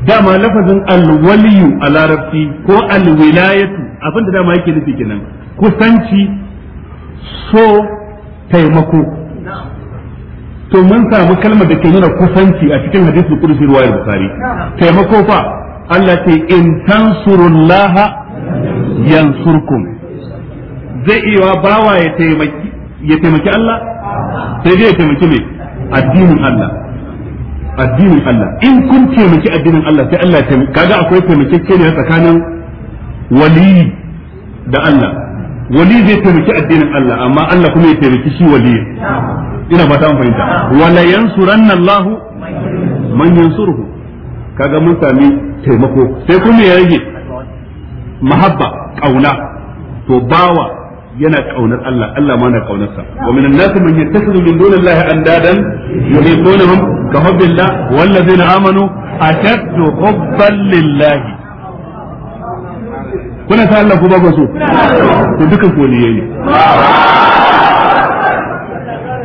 dama lafazin alwaliyu a larabci ko alwilayatu abinda dama yake nufi kenan kusanci so taimako to mun samu kalmar da ke nuna kusanci a cikin hadisul qudsi riwayar bukhari taimako fa Allah ce in tansurullaha yansurkum zai iya bawa ya taimaki ya taimaki Allah sai dai ya taimaki me addinin Allah addinin Allah in kun taimaki addinin Allah sai Allah ya taimaki kaga akwai taimakekeniya tsakanin waliyi da Allah wali zai taimaki addinin Allah amma Allah kuma ya taimaki shi wali ina fata an fahimta wala yansuranna Allah man yansuruhu kaga mun sami taimako sai kuma ya rage mahabba kauna to bawa yana kaunar Allah Allah ma na kaunarsa wa minan nas man yattakhidhu min dunillahi andadan yuhibbunahum ka hubbillah wallazina amanu ashaddu hubban lillahi kuna sa Allah ko ba ku so to dukan koliye ne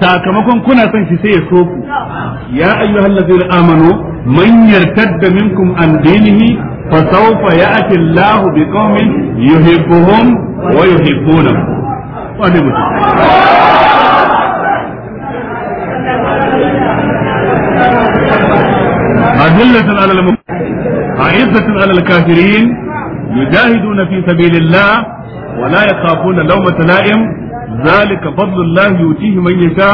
sakamakon kuna son shi sai ya so ku ya ayyuhal ladzina amanu man yartadda minkum an dinihi fa sawfa ya'ti Allahu biqaumin yuhibbuhum wa yuhibbunahum wani mutum أذلة على المؤمنين عزة على الكافرين yujahiduna fi sabilillah wa la yakhafuna lawmata la'im zalika fadlullah yutihi man yasha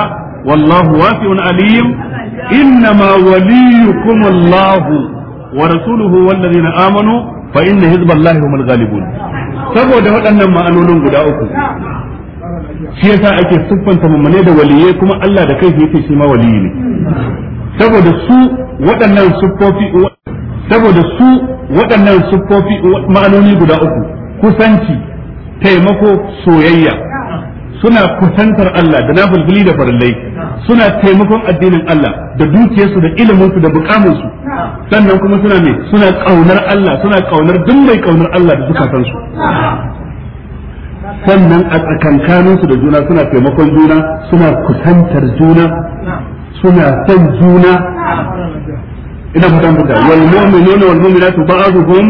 wallahu wasi'un alim إنما وليكم الله ورسوله والذين آمنوا فإن حزب الله هم الغالبون saboda waɗannan ma'anonin guda uku shi yasa ake siffanta mummune da waliyai kuma Allah da kai yake shi ma waliyi ne saboda su waɗannan saboda su waɗannan siffofi ma'anoni guda uku kusanci taimako soyayya suna kusantar Allah da nafilfili da farallai, suna taimakon addinin Allah da dukiyarsu da iliminsu da bukamunsu sannan kuma suna ne suna kaunar Allah suna kaunar duk mai kaunar Allah da zukatansu sannan a tsakankaninsu da juna suna taimakon juna suna kusantar juna suna son juna ina fata mutunta wal mu'minuna wal mu'minatu ba'dhuhum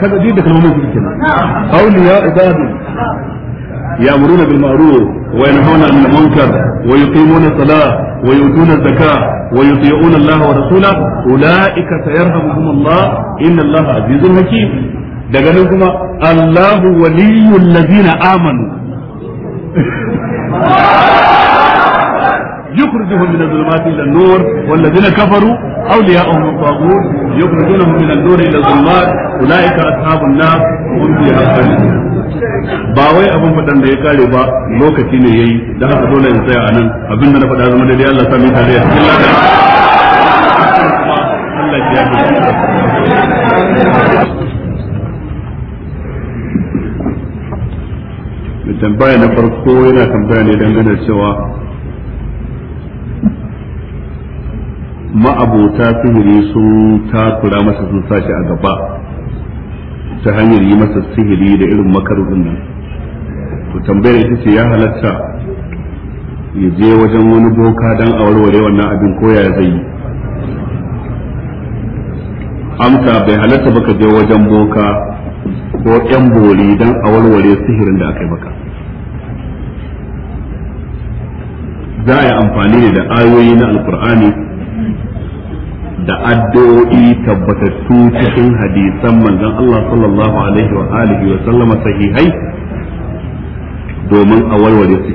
kaga dai da kalmomin su kenan awliya ibadu ya'muruna bil ma'ruf wa yanhauna 'anil munkar wa yuqimuna as-salata wa yu'tuna az-zakata wa yuti'una Allah wa rasulahu ulaika sayarhamuhum Allah inna Allah 'azizun hakim daga nan kuma Allahu waliyyul ladina amanu (laughs) يخرجهم من الظلمات إلى النور والذين كفروا أولياءهم الطاغوت يخرجونهم من النور إلى الظلمات أولئك أصحاب النار هم فيها خالدون ba wai abin faɗan da ya kare ba lokaci ne yayi da haka dole in tsaya anan abin da na fada zama da dai Allah sami tare ya cikin ladan Allah ya yi tambaya na farko yana tambaya ne dangane cewa ma'abota sihiri sun takura masa sun sashi a gaba ta hanyar yi masa sihiri da irin makarudin nan to tambayar ita ce ya halatta ya je wajen wani boka don a warware wannan abin koya zai yi amsa bai halatta baka je wajen boka ko yan bori don a warware sihirin da aka yi maka za a yi amfani da ayoyi na alkur'ani da addu'o'i tabbatattu cikin hadisan manzon Allah sallallahu alaihi wa alihi wa sallama sahihai domin a warware su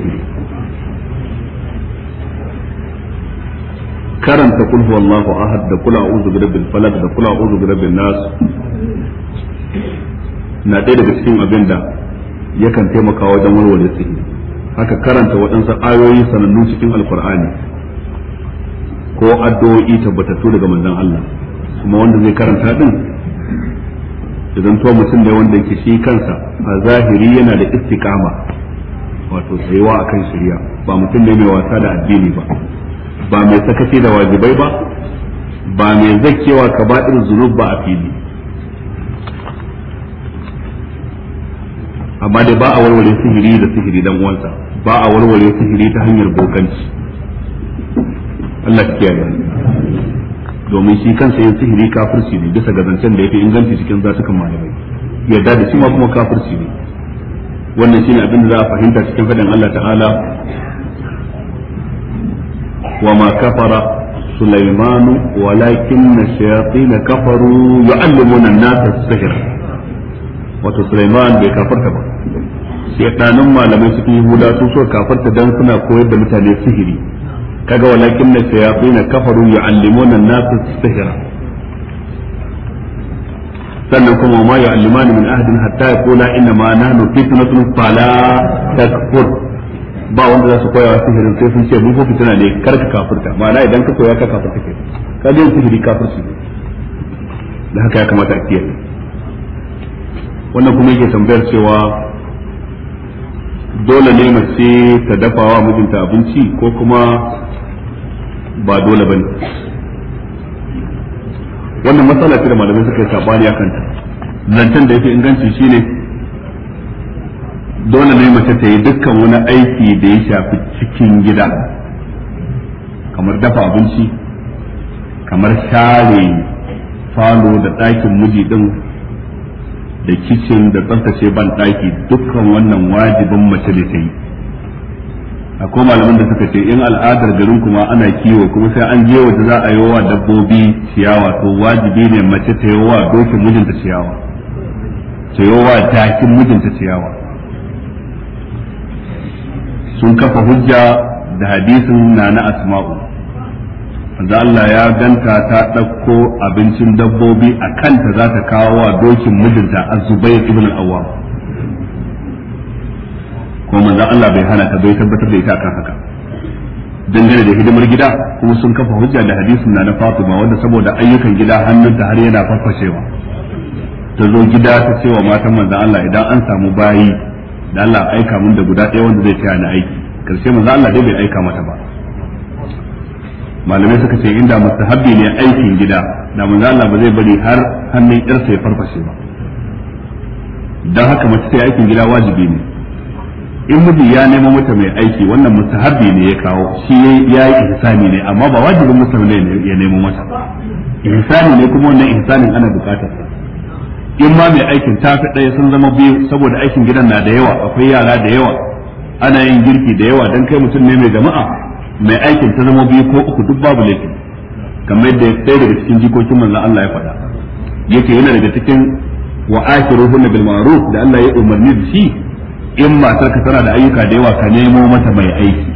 karanta kul huwallahu ahad da kula a'udhu bi rabbil falaq da kula a'udhu bi rabbin nas na ɗaya daga cikin abin da yakan taimaka wajen warware sihiri haka karanta waɗansu ayoyi sanannu cikin alkur'ani ko addu'o'i tabbatattu daga manzon Allah kuma wanda zai karanta din idan to mutum ne wanda yake shi kansa a zahiri yana da istiqama wato tsayuwa akan shari'a ba mutum ne mai wasa da addini ba ba mai sakaci da wajibai ba ba mai zakkewa kaba'ir zunub ba a fili amma dai ba a warware sihiri da sihiri dan uwansa ba a warware sihiri ta hanyar bokanci Allah ya kiyaye domin shi kansa yin sihiri kafirci ne bisa ga zancen da yafi inganci cikin zatukan malamai yadda da shi ma kuma kafirci ne wannan shine abin da za a fahimta cikin fadin Allah ta'ala wa ma kafara سليمان ولكن الشياطين كفروا يعلمون الناس السحر wato Sulaiman bai kafarta ba sai ɗanin malamai suke yi hula su so kafarta don suna koyar da mutane sihiri kaga walakin na shayatin kafaru yu'allimuna an na as-sihra sannan kuma ma yu'allimani min ahadin hatta yaqula inna ma nahnu fitnatun fala takfur ba wanda za su koya wa sihirin sai sun ce mun ko fitina ne kar ka ma'ana idan ka koya ka kafirta kai ka ga sihiri kafirci ne da haka ya kamata a kiyaye wannan kuma yake tambayar cewa dole ne mace ta dafa wa mijinta abinci ko kuma ba dole ba ne wannan matsala ce da malamai suka yi sabani a kanta zancen da ya fi inganci shine dole ne mace ta yi dukkan wani aiki da ya shafi cikin gida kamar dafa abinci kamar share falo da ɗakin miji ɗin da kicin da tsaftace ban ɗaki dukkan wannan wajibin mace da ta yi akwai malaman da suka ce in al'adar garin kuma ana kiwo kuma sai an je waje za a yi wa dabbobi ciyawa to wajibi ne mace ta yi wa dokin mijinta ciyawa ta yi wa takin mijinta ciyawa sun kafa hujja da hadisin na na asma'u da Allah ya ganta ta ɗauko abincin dabbobi a kanta za ta kawo wa dokin mijinta azubair ibn al-awwam kuma manzon Allah bai hana ta bai tabbatar da ita akan haka dangane da hidimar gida kuma sun kafa hujja da hadisin na na Fatima wanda saboda ayyukan gida hannunta har yana farfashewa ta zo gida ta ce wa matan manzon Allah idan an samu bayi da Allah aika mun da guda ɗaya wanda zai taya ni aiki karshe manzon Allah dai bai aika mata ba malamai suka ce inda mustahabbi ne aikin gida da manzo Allah ba zai bari har hannun yarsa ya farfashe ba dan haka mace sai aikin gida wajibi ne in miji ya nemo mata mai aiki wannan mustahabi ne ya kawo shi ya yi ihsani ne amma ba wajibin mustahabi ne ya nemo mata ihsani ne kuma wannan ihsanin ana bukatar in ma mai aikin ta fi ɗaya sun zama biyu saboda aikin gidan na da yawa akwai yara da yawa ana yin girki da yawa dan kai mutum ne mai jama'a mai aikin ta zama biyu ko uku duk babu laifi kamar yadda ɗaya daga cikin jikokin manzon Allah ya faɗa yake yana daga cikin wa akhiruhunna bil ma'ruf da Allah ya umarni da shi in matar ka tana da ayyuka da yawa ka nemo mata mai aiki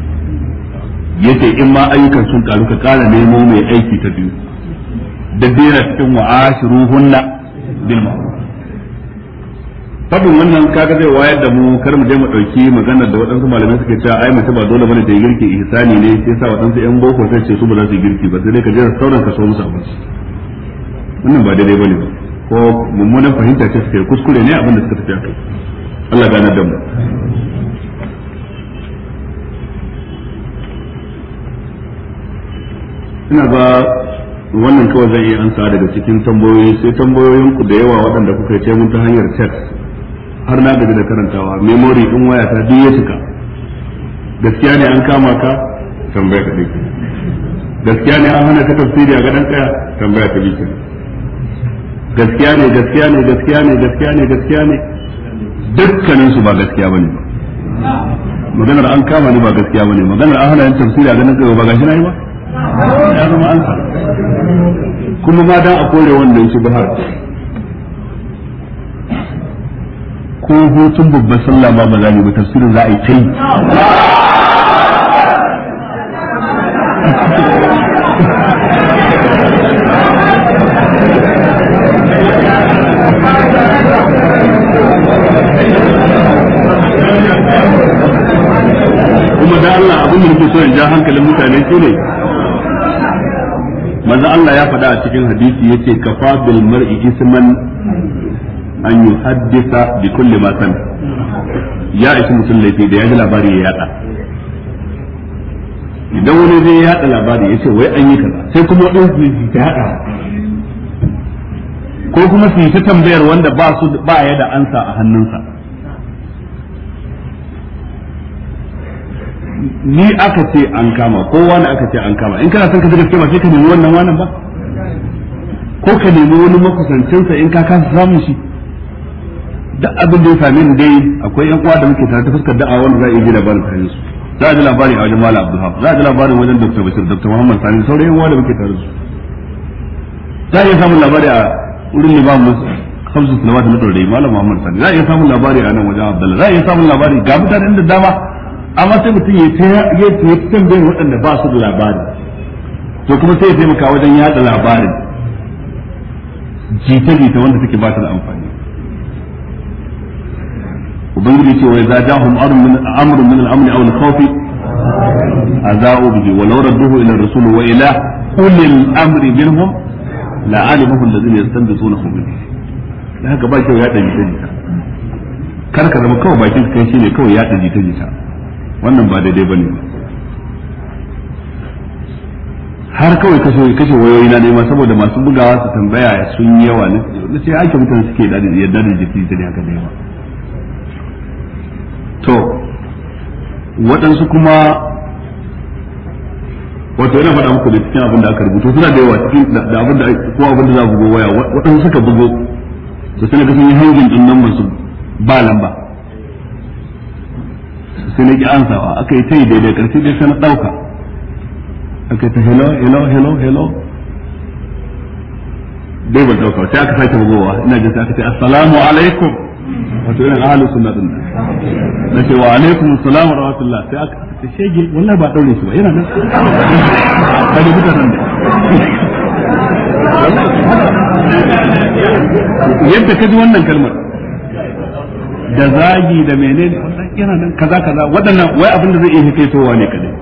yace in ma ayyukan sun karu ka kara nemo mai aiki ta biyu da dena cikin wa'ashiruhunna bil ma'ruf fadin wannan kaga zai wayar da mu kar mu je mu dauki magana da waɗansu malamai suke cewa ai mace ba dole bane ta girki ihsani ne sai sa waɗansu yan boko sai ce su ba za su girki ba sai dai ka je sauran ka so musu abinci wannan ba daidai bane ba ko mummunan fahimta ce suke kuskure ne abinda da suka tafi akai Allah ganar da mu ina ba wannan kawai zan iya ansa daga cikin tambayoyi sai tambayoyin ku da yawa waɗanda kuka ce mun ta hanyar chat har na gaji da karantawa memory din waya ta duk ya cika gaskiya ne an kama ka tambaya ka dake gaskiya ne an hana ka tafsiri a gadan kaya tambaya ka dake gaskiya ne gaskiya ne gaskiya ne gaskiya ne gaskiya ne dukkanin su ba gaskiya bane ba maganar an kama ni ba gaskiya bane maganar an hana yin tafsiri a ganin tsaye ba gashi na yi ba ya zama an kuma ma dan a kore wanda yake bahar ko hutun babban sallah ba ba za ni ba tafsirin za a yi ta a cikin hadisi yace kafa bil mar'i isman an yuhaddisa bi kulli ma sami ya isa mutum da ya ji labari ya yada idan wani zai yada labari ya ce wai an yi kaza sai kuma wani su ta yada ko kuma su yi ta tambayar wanda ba su ba ya da ansa a hannunsa ni aka ce an kama kowa ne aka ce an kama in kana son ka ji gaskiya ba sai ka nemi wannan wannan ba ko ka nemi wani makusancinsa in ka kasa samun shi duk abin da ya sami ni dai akwai yan uwa da muke tare ta fuskar da'a wanda za a yi labarin tare su za a ji labarin a wajen malam abdulhab za a ji labarin wajen dr bashir dr muhammad sani sauran yan uwa da muke tare su za a iya samun labari a wurin limam musu hamsin salawat na dore malam muhammad sani za a iya samun labari a nan wajen abdullah za a iya samun labari ga mutanen da dama amma sai mutum ya ta ya tambayin waɗanda ba su da labari to kuma sai ya taimaka wajen yada labarin jita-jita wanda take ba ta da amfani ubangiji ce wai zadahum amrun min al-amn aw al-khawf azau bihi wa law radduhu ila ar-rasul wa ila ulil amri minhum la alimahu alladhina yastanbitunahu minhu da haka ba kyau ya dabi jita kar ka zama kawai bakin kai shine kawai ya dabi jita wannan ba daidai bane ba har kawai kaso kashe wayoyi na nema saboda masu bugawa su tambaya sun yi yawa ne na ce ake mutane suke yadda da jiki ta ne haka da yawa to waɗansu kuma wato yana faɗa muku da cikin abin da aka rubuto suna da yawa cikin da abin da ko abin da za ku bugo waya waɗansu suka bugo to sai ga sun yi hangin din nan su ba lamba sai na ki ansawa aka yi ta yi daidai ƙarshe dai sai na ɗauka aka ta hello hello hello hello dai ban dauka sai aka sake bugowa ina jin sai aka ce assalamu alaikum wato irin ahlus sunna din na ce wa alaikum assalam wa rahmatullah sai aka ce shege wallahi ba daure shi ba yana nan ba da mutanen da yadda ka ji wannan kalmar da zagi da menene wannan yana nan kaza kaza waɗannan wai abin da zai iya fitowa ne kadai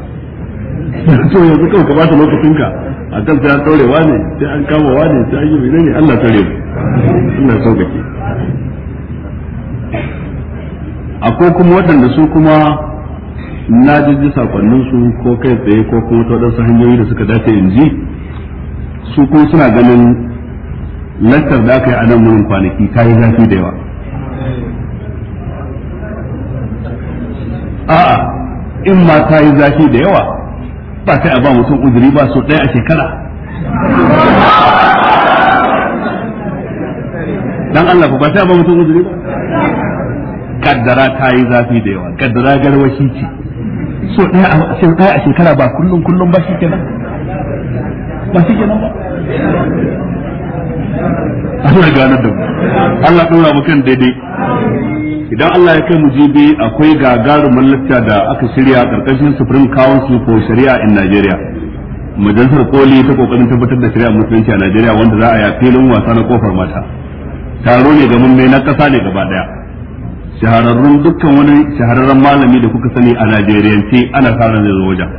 to (laughs) yanzu kawai ka bata lokacinka a kan sai an ɗaurewa ne sai an kama wa ne sai an yi ne Allah tare mu Allah sauƙaƙe akwai kuma waɗanda su kuma na jijji su ko kai tsaye ko kuma ta waɗansu hanyoyi da suka dace in ji su kuma suna ganin lantar da aka yi a nan wurin kwanaki ta yi zafi da yawa a'a in ma ta yi zafi da yawa ba sai a ba mutum uzuri ba so ɗaya a shekara dan Allah ba sai a ba mutum uzuri ba kaddara ta yi zafi da yawa kaddara garwashi ce so ɗaya a shekara ba kullum kullum ba shi kenan ba shi kenan ba Allah ganar da mu Allah ɗora mu kan daidai idan Allah ya kai mu jibi akwai gagarumin lacca da aka shirya karkashin Supreme Council for Sharia in Najeriya. majalisar koli ta kokarin tabbatar da shari'a musulunci a Najeriya wanda za a yi filin wasa na kofar mata taro ne ga mai na kasa ne gaba daya shahararrun dukkan wani shahararren malami da kuka sani a Najeriyance ana sa ran zai zo wajen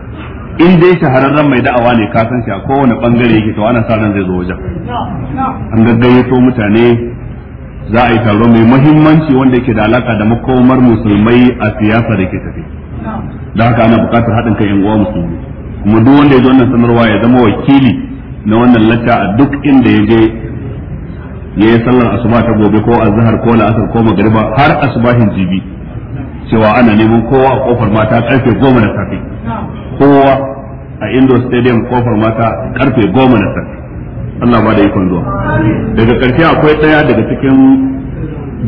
in dai shahararren mai da'awa ne ka san shi a kowane bangare yake to ana sa ran zai zo wajen an gaggaye so mutane za a yi taro mai muhimmanci wanda yake da alaka da makomar musulmai a siyasa da ke tafi da haka ana bukatar haɗin kai yan uwa musulmi kuma duk wanda ya zo wannan sanarwa ya zama wakili na wannan lacca a duk inda ya je ya yi sallar asuba ta gobe ko azhar ko la'asar ko magriba har asubahin jibi cewa ana neman kowa a kofar mata karfe goma na safe kowa a indo stadium kofar mata karfe goma na safe Allah ba da ikon zuwa daga karshe akwai daya daga cikin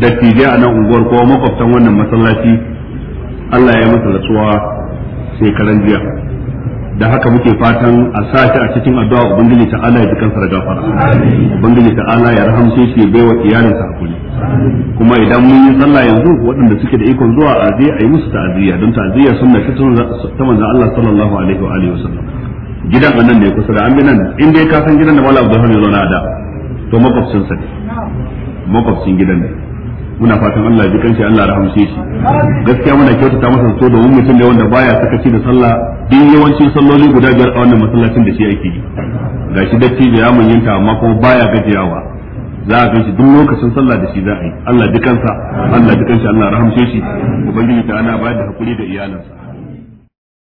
dattijai a nan unguwar ko makwabtan wannan masallaci Allah ya masa rasuwa shekaran jiya da haka muke fatan a sashi a cikin addu'a ubangiji ta Allah ya ji kansa da gafara ubangiji ta Allah ya rahamce shi bai wa iyalinsa hakuri kuma idan mun yi sallah yanzu waɗanda suke da ikon zuwa a je a yi musu ta'aziyya don ta'aziyya sunna ta manzon Allah sallallahu alaihi wa alihi wasallam gidan annan ne kusa da an bi nan in dai ka san gidan da Malam Abdulhamid ya zauna da to makwabcin sa ne makwabcin gidan ne muna fatan Allah ya kanshi Allah rahamshe shi gaskiya muna kyautata masa so domin mutum ne wanda baya sakaci da sallah din yawancin salloli guda biyar a wannan masallacin da shi yake yi gashi da ya manyanta amma kuma baya gajiyawa za a ganshi duk lokacin sallah da shi za a yi Allah dukansa Allah dukansa Allah rahamshe shi ubangiji ta ana bayar da hakuri da iyalansa